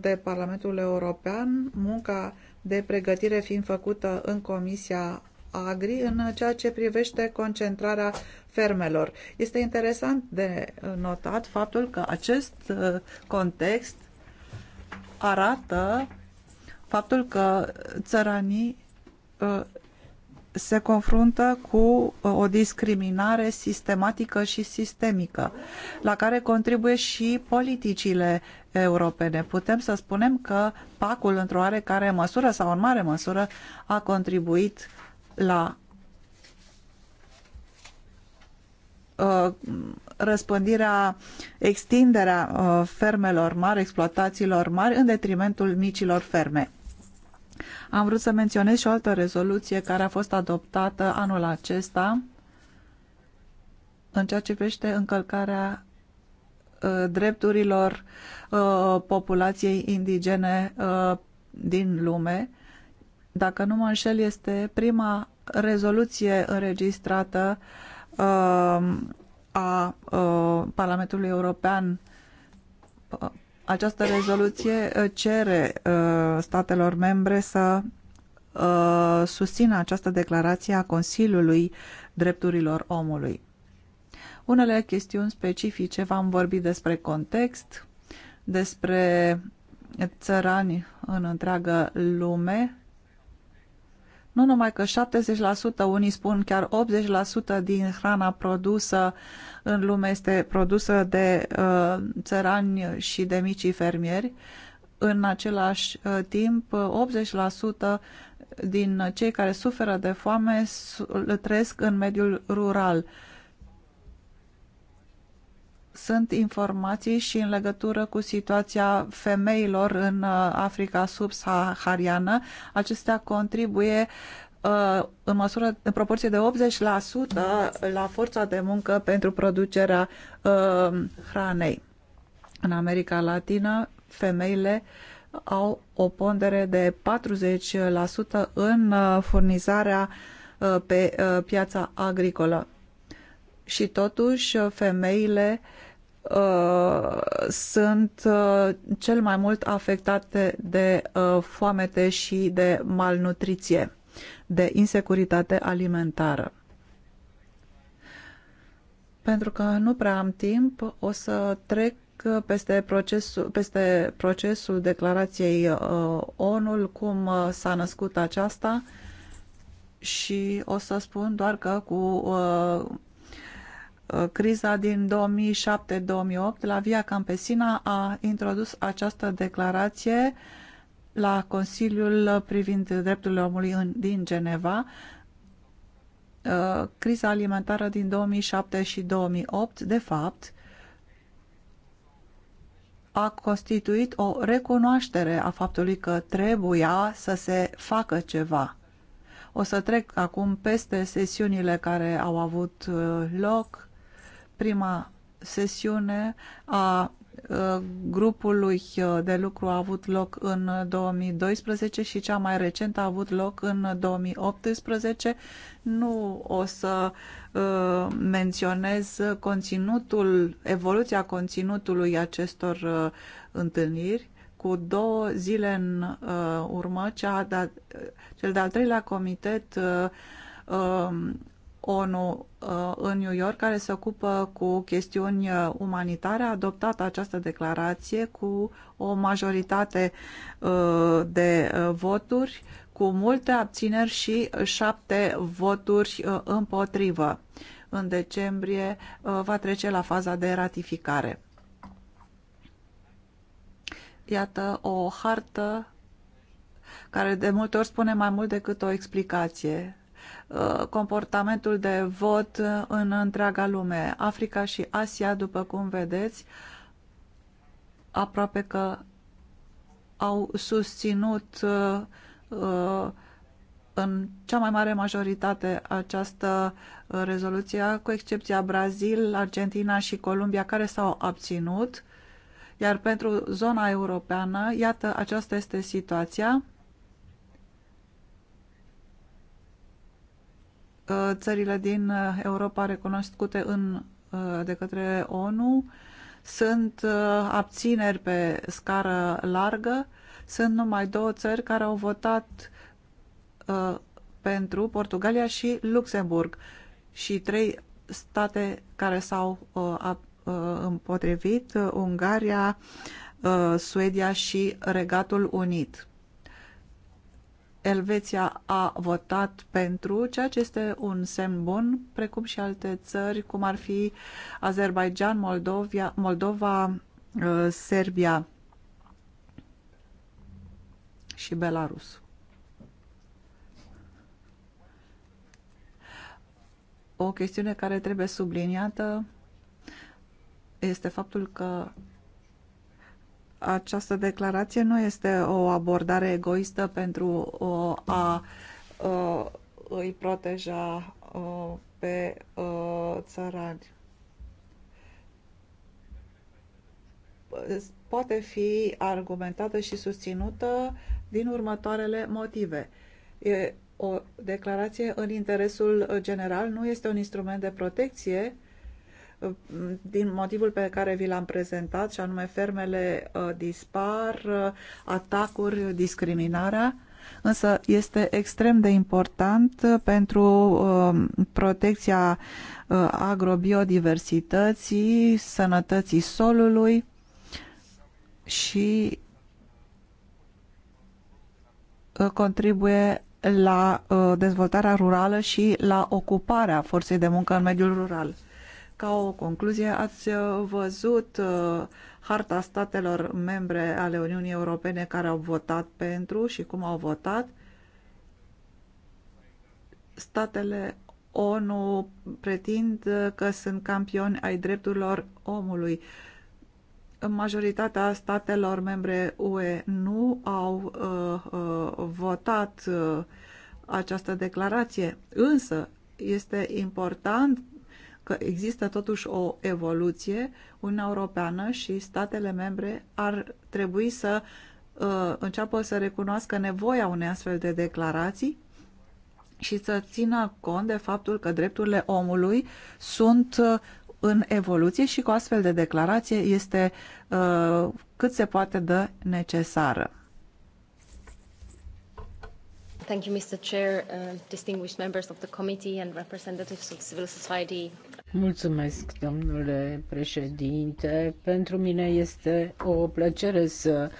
de Parlamentul European, munca de pregătire fiind făcută în Comisia Agri în ceea ce privește concentrarea fermelor. Este interesant de notat faptul că acest uh, context arată faptul că țăranii Uh, se confruntă cu uh, o discriminare sistematică și sistemică, la care contribuie și politicile europene. Putem să spunem că pacul, într-o oarecare măsură sau în mare măsură, a contribuit la uh, răspândirea, extinderea fermelor mari, exploatațiilor mari, în detrimentul micilor ferme. Am vrut să menționez și o altă rezoluție care a fost adoptată anul acesta în ceea ce privește încălcarea uh, drepturilor uh, populației indigene uh, din lume. Dacă nu mă înșel, este prima rezoluție înregistrată a Parlamentului European această rezoluție uh, cere uh, statelor membre să uh, susțină această declarație a Consiliului Drepturilor Omului. Unele chestiuni specifice, v-am vorbit despre context, despre țărani în întreagă lume, nu numai că 70%, unii spun chiar 80% din hrana produsă în lume este produsă de uh, țărani și de micii fermieri, în același uh, timp 80% din cei care suferă de foame trăiesc în mediul rural. Uh, sunt informații și în legătură cu situația femeilor în uh, Africa subsahariană. Acestea contribuie uh, în, măsură, în proporție de 80% la forța de muncă pentru producerea uh, hranei. În America Latină, femeile au o pondere de 40% în furnizarea pe piața agricolă și totuși uh, femeile uh, sunt uh, cel mai mult afectate de uh, foamete și de malnutriție, de insecuritate alimentară. Pentru că nu prea am timp, o să trec uh, peste procesul, peste procesul declarației uh, ONU, cum uh, s-a născut aceasta și o să spun doar că cu uh, Uh, criza din 2007-2008, la Via Campesina a introdus această declarație la Consiliul privind drepturile omului în, din Geneva, uh, criza alimentară din 2007 și 2008, de fapt, a constituit o recunoaștere a faptului că trebuia să se facă ceva. O să trec acum peste sesiunile care au avut uh, loc Prima sesiune a grupului de lucru a avut loc în 2012 și cea mai recentă a avut loc în 2018. Nu o să menționez conținutul, evoluția conținutului acestor întâlniri. Cu două zile în urmă, cea de cel de-al treilea comitet ONU uh, în New York, care se ocupă cu chestiuni uh, umanitare, a adoptat această declarație cu o majoritate uh, de voturi, cu multe abțineri și șapte voturi împotrivă. În decembrie va trece la faza de ratificare. Iată o hartă care de multe ori spune mai mult decât o explicație Uh, comportamentul de vot în întreaga lume. Africa și Asia, după cum vedeți, aproape că au susținut uh, uh, în cea mai mare majoritate această rezoluție, cu excepția Brazil, Argentina și Columbia, care s-au abținut. Iar pentru zona europeană, iată, aceasta este situația. Uh, țările din uh, Europa recunoscute în, uh, de către ONU sunt abțineri pe scară largă. Sunt numai două țări care au votat pentru Portugalia și Luxemburg și trei state care s-au împotrivit, Ungaria, Suedia și Regatul Unit. Elveția a votat pentru, ceea ce este un semn bun, precum și alte țări, cum ar fi Azerbaijan, Moldovia, Moldova, uh, Serbia și Belarus. O chestiune care trebuie subliniată este faptul că această declarație nu este o abordare egoistă pentru a îi proteja pe țărani. Poate fi argumentată și susținută din următoarele motive. E o declarație în interesul general, nu este un instrument de protecție, din motivul pe care vi l-am prezentat, și anume fermele uh, dispar, uh, atacuri, discriminarea, însă este extrem de important uh, pentru protecția agrobiodiversității, sănătății solului și contribuie la dezvoltarea rurală și la ocuparea forței de muncă în mediul rural ca o concluzie, ați uh, văzut uh, harta statelor membre ale Uniunii Europene care au votat pentru și cum au votat. Statele ONU pretind uh, că sunt campioni ai drepturilor omului. Majoritatea statelor membre UE nu au uh, uh, votat uh, această declarație, însă este important că există totuși o evoluție, Uniunea Europeană și statele membre ar trebui să uh, înceapă să recunoască nevoia unei astfel de declarații și să țină cont de faptul că drepturile omului sunt uh, în evoluție și cu astfel de declarație este uh, cât se poate de necesară. Thank you, Mr. Chair, uh, distinguished members of the committee and representatives of civil society Mulțumesc, domnule președinte. Pentru mine este o plăcere să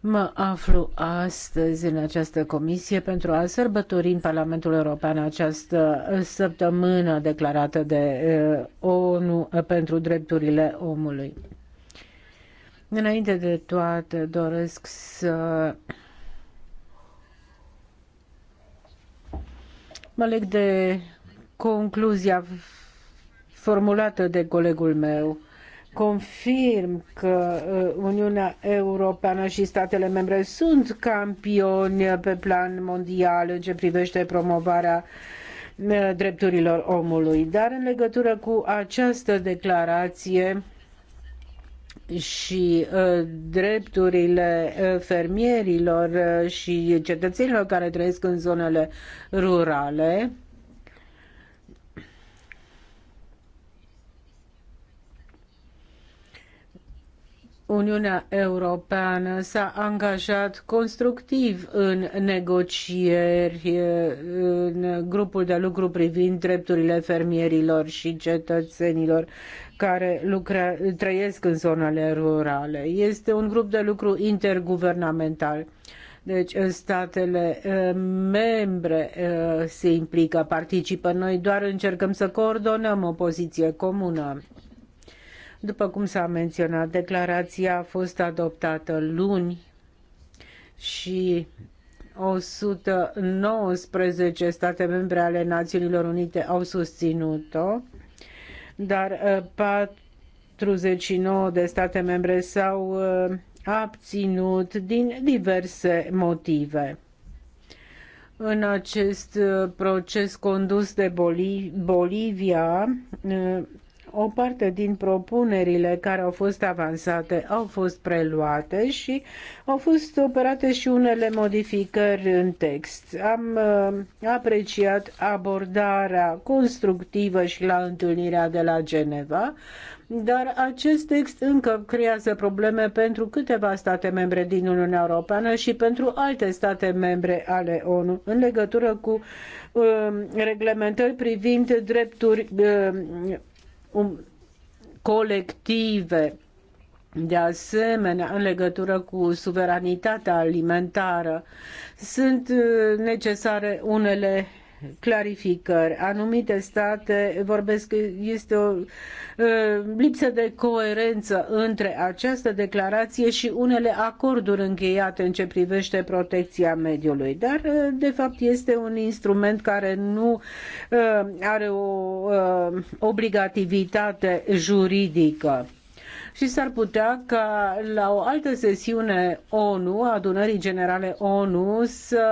mă aflu astăzi în această comisie pentru a sărbători în Parlamentul European această săptămână declarată de eh, ONU pentru drepturile omului. Înainte de toate, doresc să mă leg de concluzia formulată de colegul meu confirm că uh, Uniunea Europeană și statele membre sunt campioni pe plan mondial în ce privește promovarea uh, drepturilor omului. Dar în legătură cu această declarație și uh, drepturile fermierilor și cetățenilor care trăiesc în zonele rurale, Uniunea Europeană s-a angajat constructiv în negocieri în grupul de lucru privind drepturile fermierilor și cetățenilor care lucre, trăiesc în zonele rurale. Este un grup de lucru interguvernamental. Deci statele eh, membre eh, se implică, participă. Noi doar încercăm să coordonăm o poziție comună. După cum s-a menționat, declarația a fost adoptată luni și 119 state membre ale Națiunilor Unite au susținut-o, dar 49 uh, de state membre s-au uh, abținut din diverse motive. În acest uh, proces condus de Bolivia, o parte din propunerile care au fost avansate au fost preluate și au fost operate și unele modificări în text. Am uh, apreciat abordarea constructivă și la întâlnirea de la Geneva, dar acest text încă creează probleme pentru câteva state membre din Uniunea Europeană și pentru alte state membre ale ONU în legătură cu uh, reglementări privind drepturi uh, Um, colective. De asemenea, în legătură cu suveranitatea alimentară, sunt uh, necesare unele clarificări. Anumite state vorbesc că este o uh, lipsă de coerență între această declarație și unele acorduri încheiate în ce privește protecția mediului. Dar, uh, de fapt, este un instrument care nu uh, are o obligativitate juridică și s-ar putea ca la o altă sesiune ONU, adunării generale ONU, să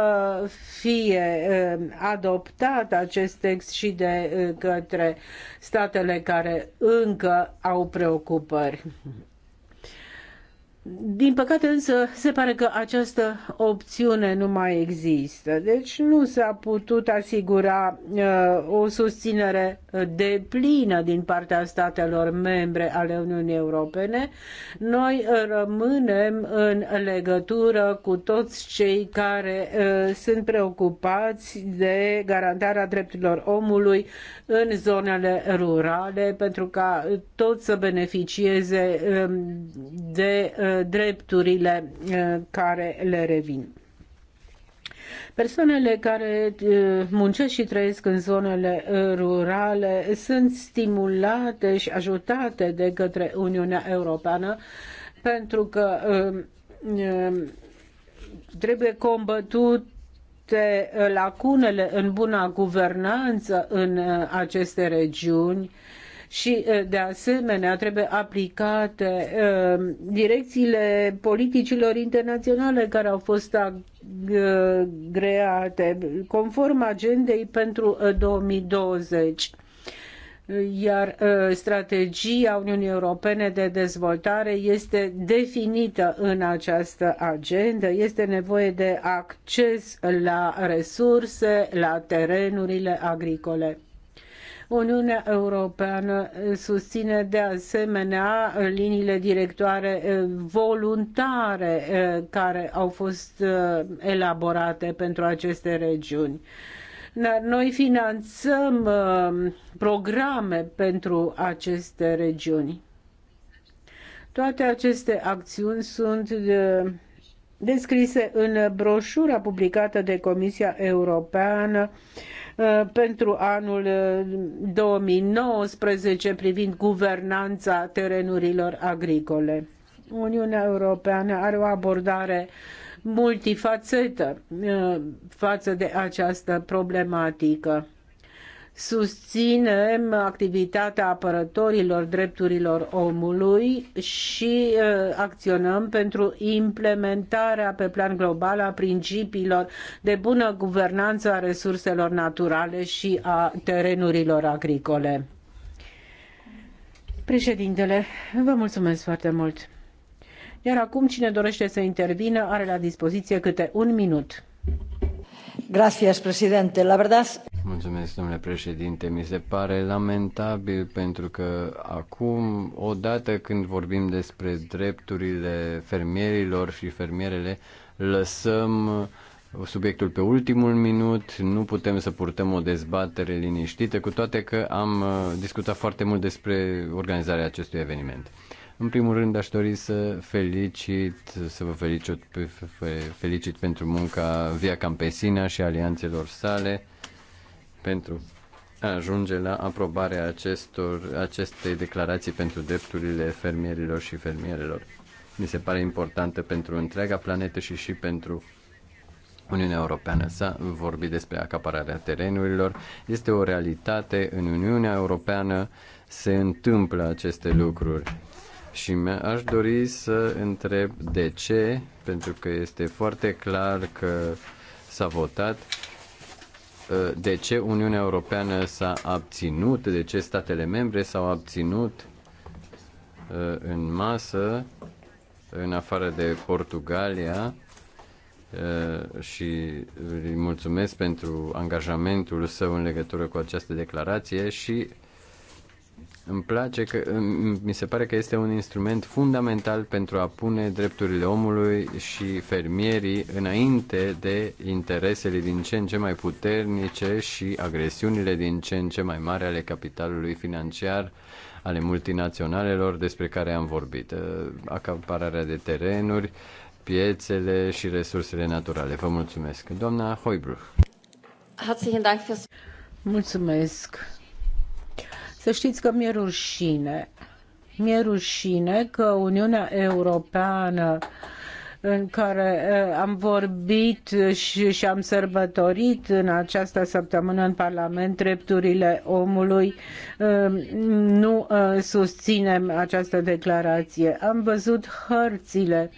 fie eh, adoptat acest text și de eh, către statele care încă au preocupări. Din păcate însă se pare că această opțiune nu mai există, deci nu s-a putut asigura uh, o susținere deplină din partea statelor membre ale Uniunii Europene. Noi uh, rămânem în legătură cu toți cei care uh, sunt preocupați de garantarea drepturilor omului în zonele rurale pentru ca toți să beneficieze um, de uh, drepturile uh, care le revin. Persoanele care uh, muncesc și trăiesc în zonele rurale sunt stimulate și ajutate de către Uniunea Europeană pentru că um, um, trebuie combătut toate uh, lacunele în buna guvernanță în uh, aceste regiuni și, uh, de asemenea, trebuie aplicate direcțiile politicilor internaționale care au fost agreate conform agendei pentru 2020 iar ă, strategia Uniunii Europene de dezvoltare este definită în această agendă. Este nevoie de acces la resurse, la terenurile agricole. Uniunea Europeană susține de asemenea liniile directoare ă, voluntare ă, care au fost elaborate pentru aceste regiuni noi finanțăm uh, programe pentru aceste regiuni. Toate aceste acțiuni sunt uh, descrise în broșura publicată de Comisia Europeană uh, pentru anul 2019 privind guvernanța terenurilor agricole. Uniunea Europeană are o abordare uh, multifacetă uh, față de această problematică. Susținem activitatea apărătorilor drepturilor omului și uh, acționăm pentru implementarea pe plan global a principiilor de bună guvernanță a resurselor naturale și a terenurilor agricole. Președintele, vă mulțumesc foarte mult. Iar acum cine dorește să intervină are la dispoziție câte un minut. Gracias, presidente. La verdad... Mulțumesc, domnule președinte. Mi se pare lamentabil pentru că acum, odată când vorbim despre drepturile fermierilor și fermierele, lăsăm subiectul pe ultimul minut, nu putem să purtăm o dezbatere liniștită, cu toate că am uh, discutat foarte mult despre organizarea acestui eveniment. În primul rând aș dori să felicit, să vă felicit, felicit pentru munca Via Campesina și alianțelor sale pentru a ajunge la aprobarea acestor, acestei declarații pentru drepturile fermierilor și fermierelor. Mi se pare importantă pentru întreaga planetă și și pentru Uniunea Europeană. S-a vorbit despre acapararea terenurilor. Este o realitate în Uniunea Europeană se întâmplă aceste lucruri. Și aș dori să întreb de ce, pentru că este foarte clar că s-a votat, ă, de ce Uniunea Europeană s-a abținut, de ce statele membre s-au abținut ă, în masă, în afară de Portugalia, ă, și îi mulțumesc pentru angajamentul său în legătură cu această declarație și îmi place că mi se pare că este un instrument fundamental pentru a pune drepturile omului și fermierii înainte de interesele din ce în ce mai puternice și agresiunile din ce în ce mai mari ale capitalului financiar, ale multinaționalelor despre care am vorbit. Ă, acapararea de terenuri, piețele și resursele naturale. Vă mulțumesc. Doamna Hoibruch. Mulțumesc să știți că mi-e rușine. Mi-e rușine că Uniunea Europeană în care eh, am vorbit și, și am sărbătorit în această săptămână în Parlament drepturile omului, eh, nu eh, susținem această declarație. Am văzut hărțile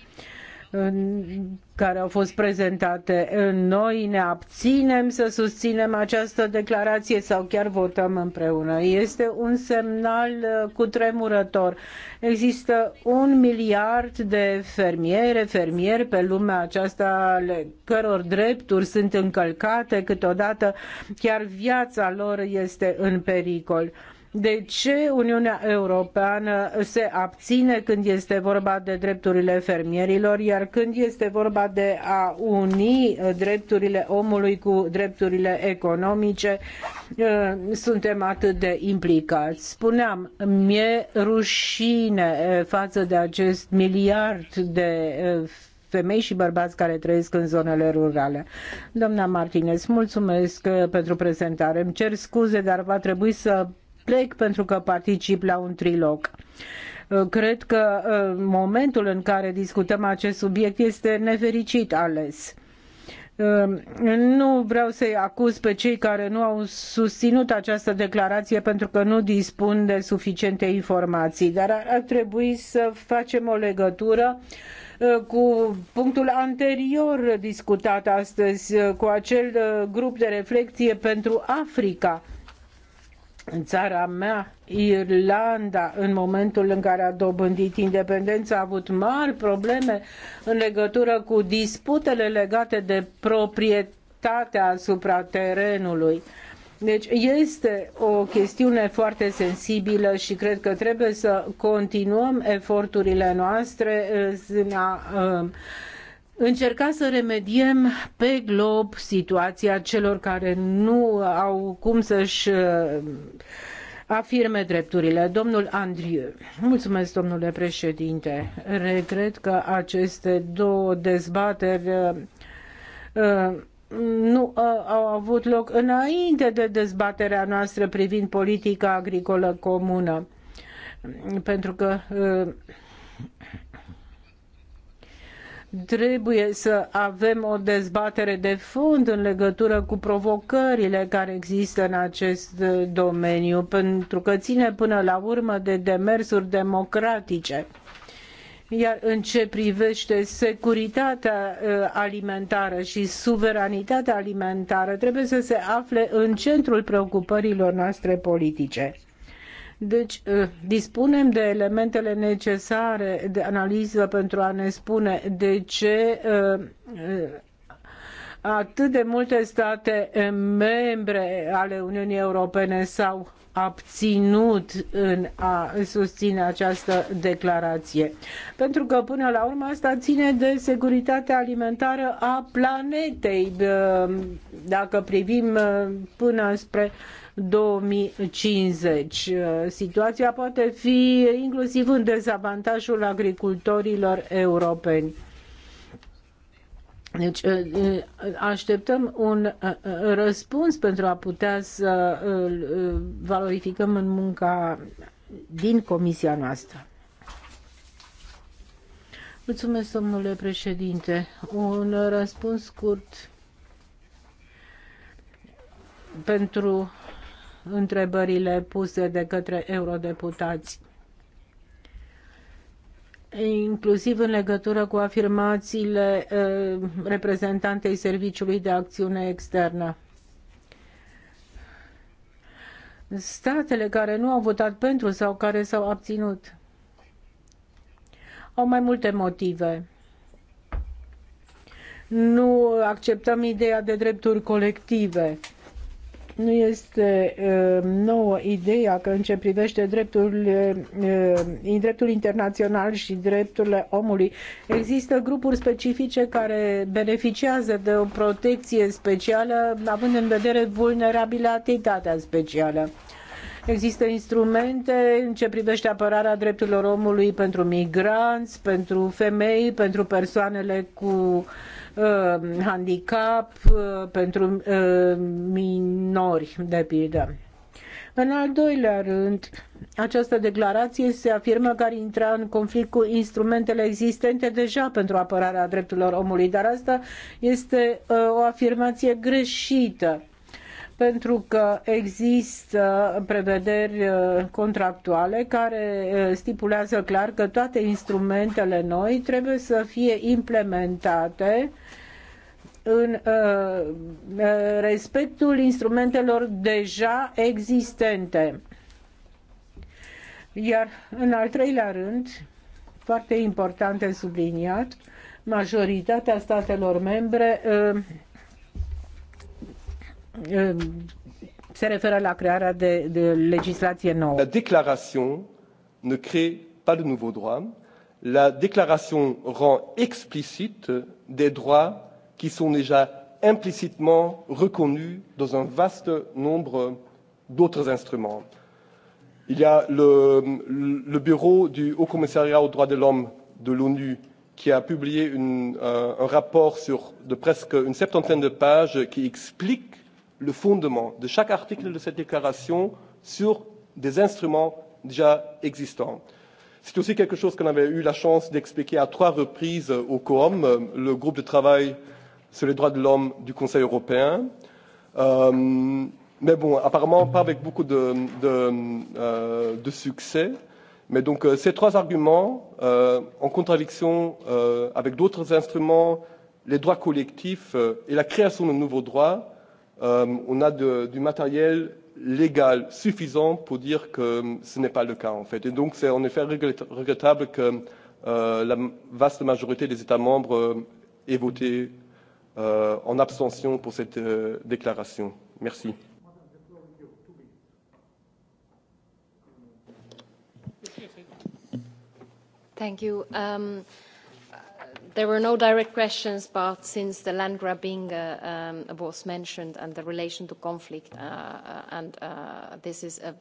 care au fost prezentate. Noi ne abținem să susținem această declarație sau chiar votăm împreună. Este un semnal uh, cutremurător. Există un miliard de fermiere, fermieri pe lumea aceasta ale căror drepturi sunt încălcate, câteodată chiar viața lor este în pericol de ce Uniunea Europeană se abține când este vorba de drepturile fermierilor, iar când este vorba de a uni uh, drepturile omului cu drepturile economice, uh, suntem atât de implicați. Spuneam, mi-e rușine uh, față de acest miliard de femei și bărbați care trăiesc în zonele rurale. Doamna Martinez, mulțumesc pentru prezentare. Îmi cer scuze, dar va trebui să plec pentru că particip la un trilog. Uh, cred că uh, momentul în care discutăm acest subiect este nefericit ales. Uh, nu vreau să-i acuz pe cei care nu au susținut această declarație pentru că nu dispun de suficiente informații, dar ar trebui să facem o legătură cu punctul anterior discutat astăzi, cu acel grup de reflexie pentru Africa în țara mea, Irlanda, în momentul în care a dobândit independența, a avut mari probleme în legătură cu disputele legate de proprietatea asupra terenului. Deci este o chestiune foarte sensibilă și cred că trebuie să continuăm eforturile noastre în a um, încerca să remediem pe glob situația celor care nu au cum să-și uh, afirme drepturile. Domnul Andriu. Mulțumesc, domnule președinte. Regret că aceste două dezbateri uh, uh, nu au avut loc înainte de dezbaterea noastră privind politica agricolă comună. Pentru că uh, trebuie să avem o dezbatere de fond în legătură cu provocările care există în acest uh, domeniu, pentru că ține până la urmă de demersuri democratice. Iar în ce privește securitatea uh, alimentară și suveranitatea alimentară, trebuie să se afle în centrul preocupărilor noastre politice. Deci eh, dispunem de elementele necesare de analiză pentru a ne spune de ce eh, eh, atât de multe state membre ale Uniunii Europene s-au abținut în a susține această declarație. Pentru că până la urmă asta ține de securitatea alimentară a planetei. Dacă privim până spre 2050. Situația poate fi inclusiv în dezavantajul agricultorilor europeni. Deci ă, ă, așteptăm un ă, răspuns pentru a putea să valorificăm în munca din comisia noastră. Mulțumesc, domnule președinte. Un răspuns scurt pentru întrebările puse de către eurodeputați inclusiv în legătură cu afirmațiile uh, reprezentantei Serviciului de Acțiune Externă. Statele care nu au votat pentru sau care s-au abținut au mai multe motive. Nu acceptăm ideea de drepturi colective nu este uh, nouă ideea că în ce privește drepturile, uh, dreptul internațional și drepturile omului, există grupuri specifice care beneficiază de o protecție specială, având în vedere vulnerabilitatea specială. Există instrumente în ce privește apărarea drepturilor omului pentru migranți, pentru femei, pentru persoanele cu Uh, handicap, uh, pentru uh, minori, de pildă. În al doilea rând, această declarație se afirmă că ar intra în conflict cu instrumentele existente deja pentru apărarea drepturilor omului, dar asta este o afirmație greșită pentru că există prevederi uh, contractuale care uh, stipulează clar că toate instrumentele noi trebuie să fie implementate în uh, respectul instrumentelor deja existente. Iar în al treilea rând, foarte important de subliniat, majoritatea statelor membre se referă la crearea de, de legislație nouă. La declaration ne crée pas de nouveaux droits. La déclaration rend explicite des droits qui sont déjà implicitement reconnus dans un vaste nombre d'autres instruments. Il y a le, le bureau du Haut Commissariat aux droits de l'homme de l'ONU qui a publié une, euh, un rapport sur de presque une septantaine de pages qui explique le fondement de chaque article de cette déclaration sur des instruments déjà existants. C'est aussi quelque chose qu'on avait eu la chance d'expliquer à trois reprises au COOM, le groupe de travail sur les droits de l'homme du Conseil européen. Euh, mais bon, apparemment pas avec beaucoup de, de, euh, de succès. Mais donc euh, ces trois arguments, euh, en contradiction euh, avec d'autres instruments, les droits collectifs euh, et la création de nouveaux droits, euh, on a de, du matériel légal suffisant pour dire que euh, ce n'est pas le cas en fait. Et donc c'est en effet regrettable que euh, la vaste majorité des États membres euh, aient voté euh, en abstention pour cette euh, déclaration. Merci. Thank you. Um, There were no direct questions, but since the land grabbing uh, um, was mentioned and the relation to conflict, uh, uh and uh, this is an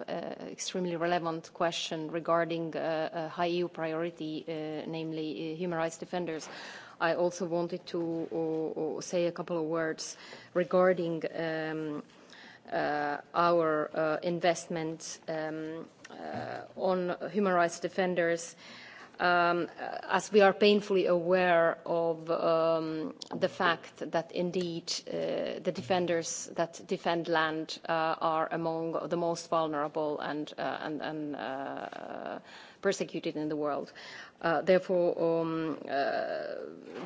extremely relevant question regarding uh, a high EU priority, uh, namely human rights defenders, I also wanted to say a couple of words regarding um, Uh, our uh, investment um, uh, on human rights defenders um, uh, as we are painfully aware of um, the fact that indeed uh, the defenders that defend land uh, are among the most vulnerable and, uh, and, and uh, persecuted in the world. Uh, therefore, um,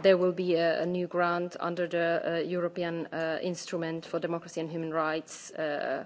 there will be a, a, new grant under the European Instrument for Democracy and Human Rights uh,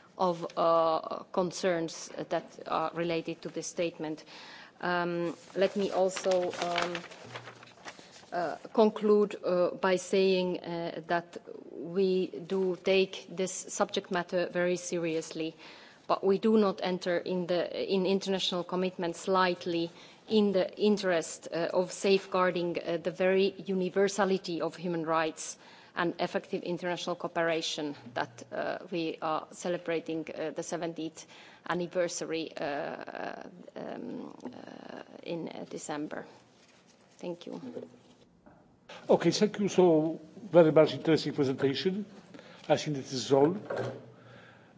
of uh, concerns that are related to this statement. Um, let me also um, Uh, conclude uh, by saying uh, that we do take this subject matter very seriously, but we do not enter in, the, in international commitments lightly in the interest uh, of safeguarding uh, the very universality of human rights uh, and effective international cooperation that uh, we are celebrating uh, the 70th anniversary uh, um, uh, in uh, December. Thank you. Okay, thank you so very much interesting presentation. I think this is all.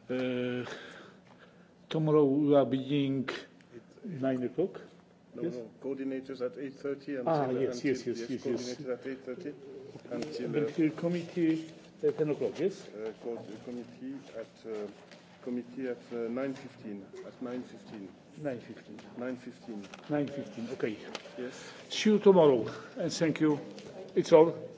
Uh, tomorrow we are beginning nine o'clock. No, yes? no, coordinators at 8.30. Ah, until, yes, until, yes, yes, yes, yes. Coordinators at 8.30 Until committee at 10 o'clock, yes? Uh, got uh, 9.15. At 9.15. 9.15. 9.15. 9.15, okay. Yes. See you tomorrow, and thank you. It's all.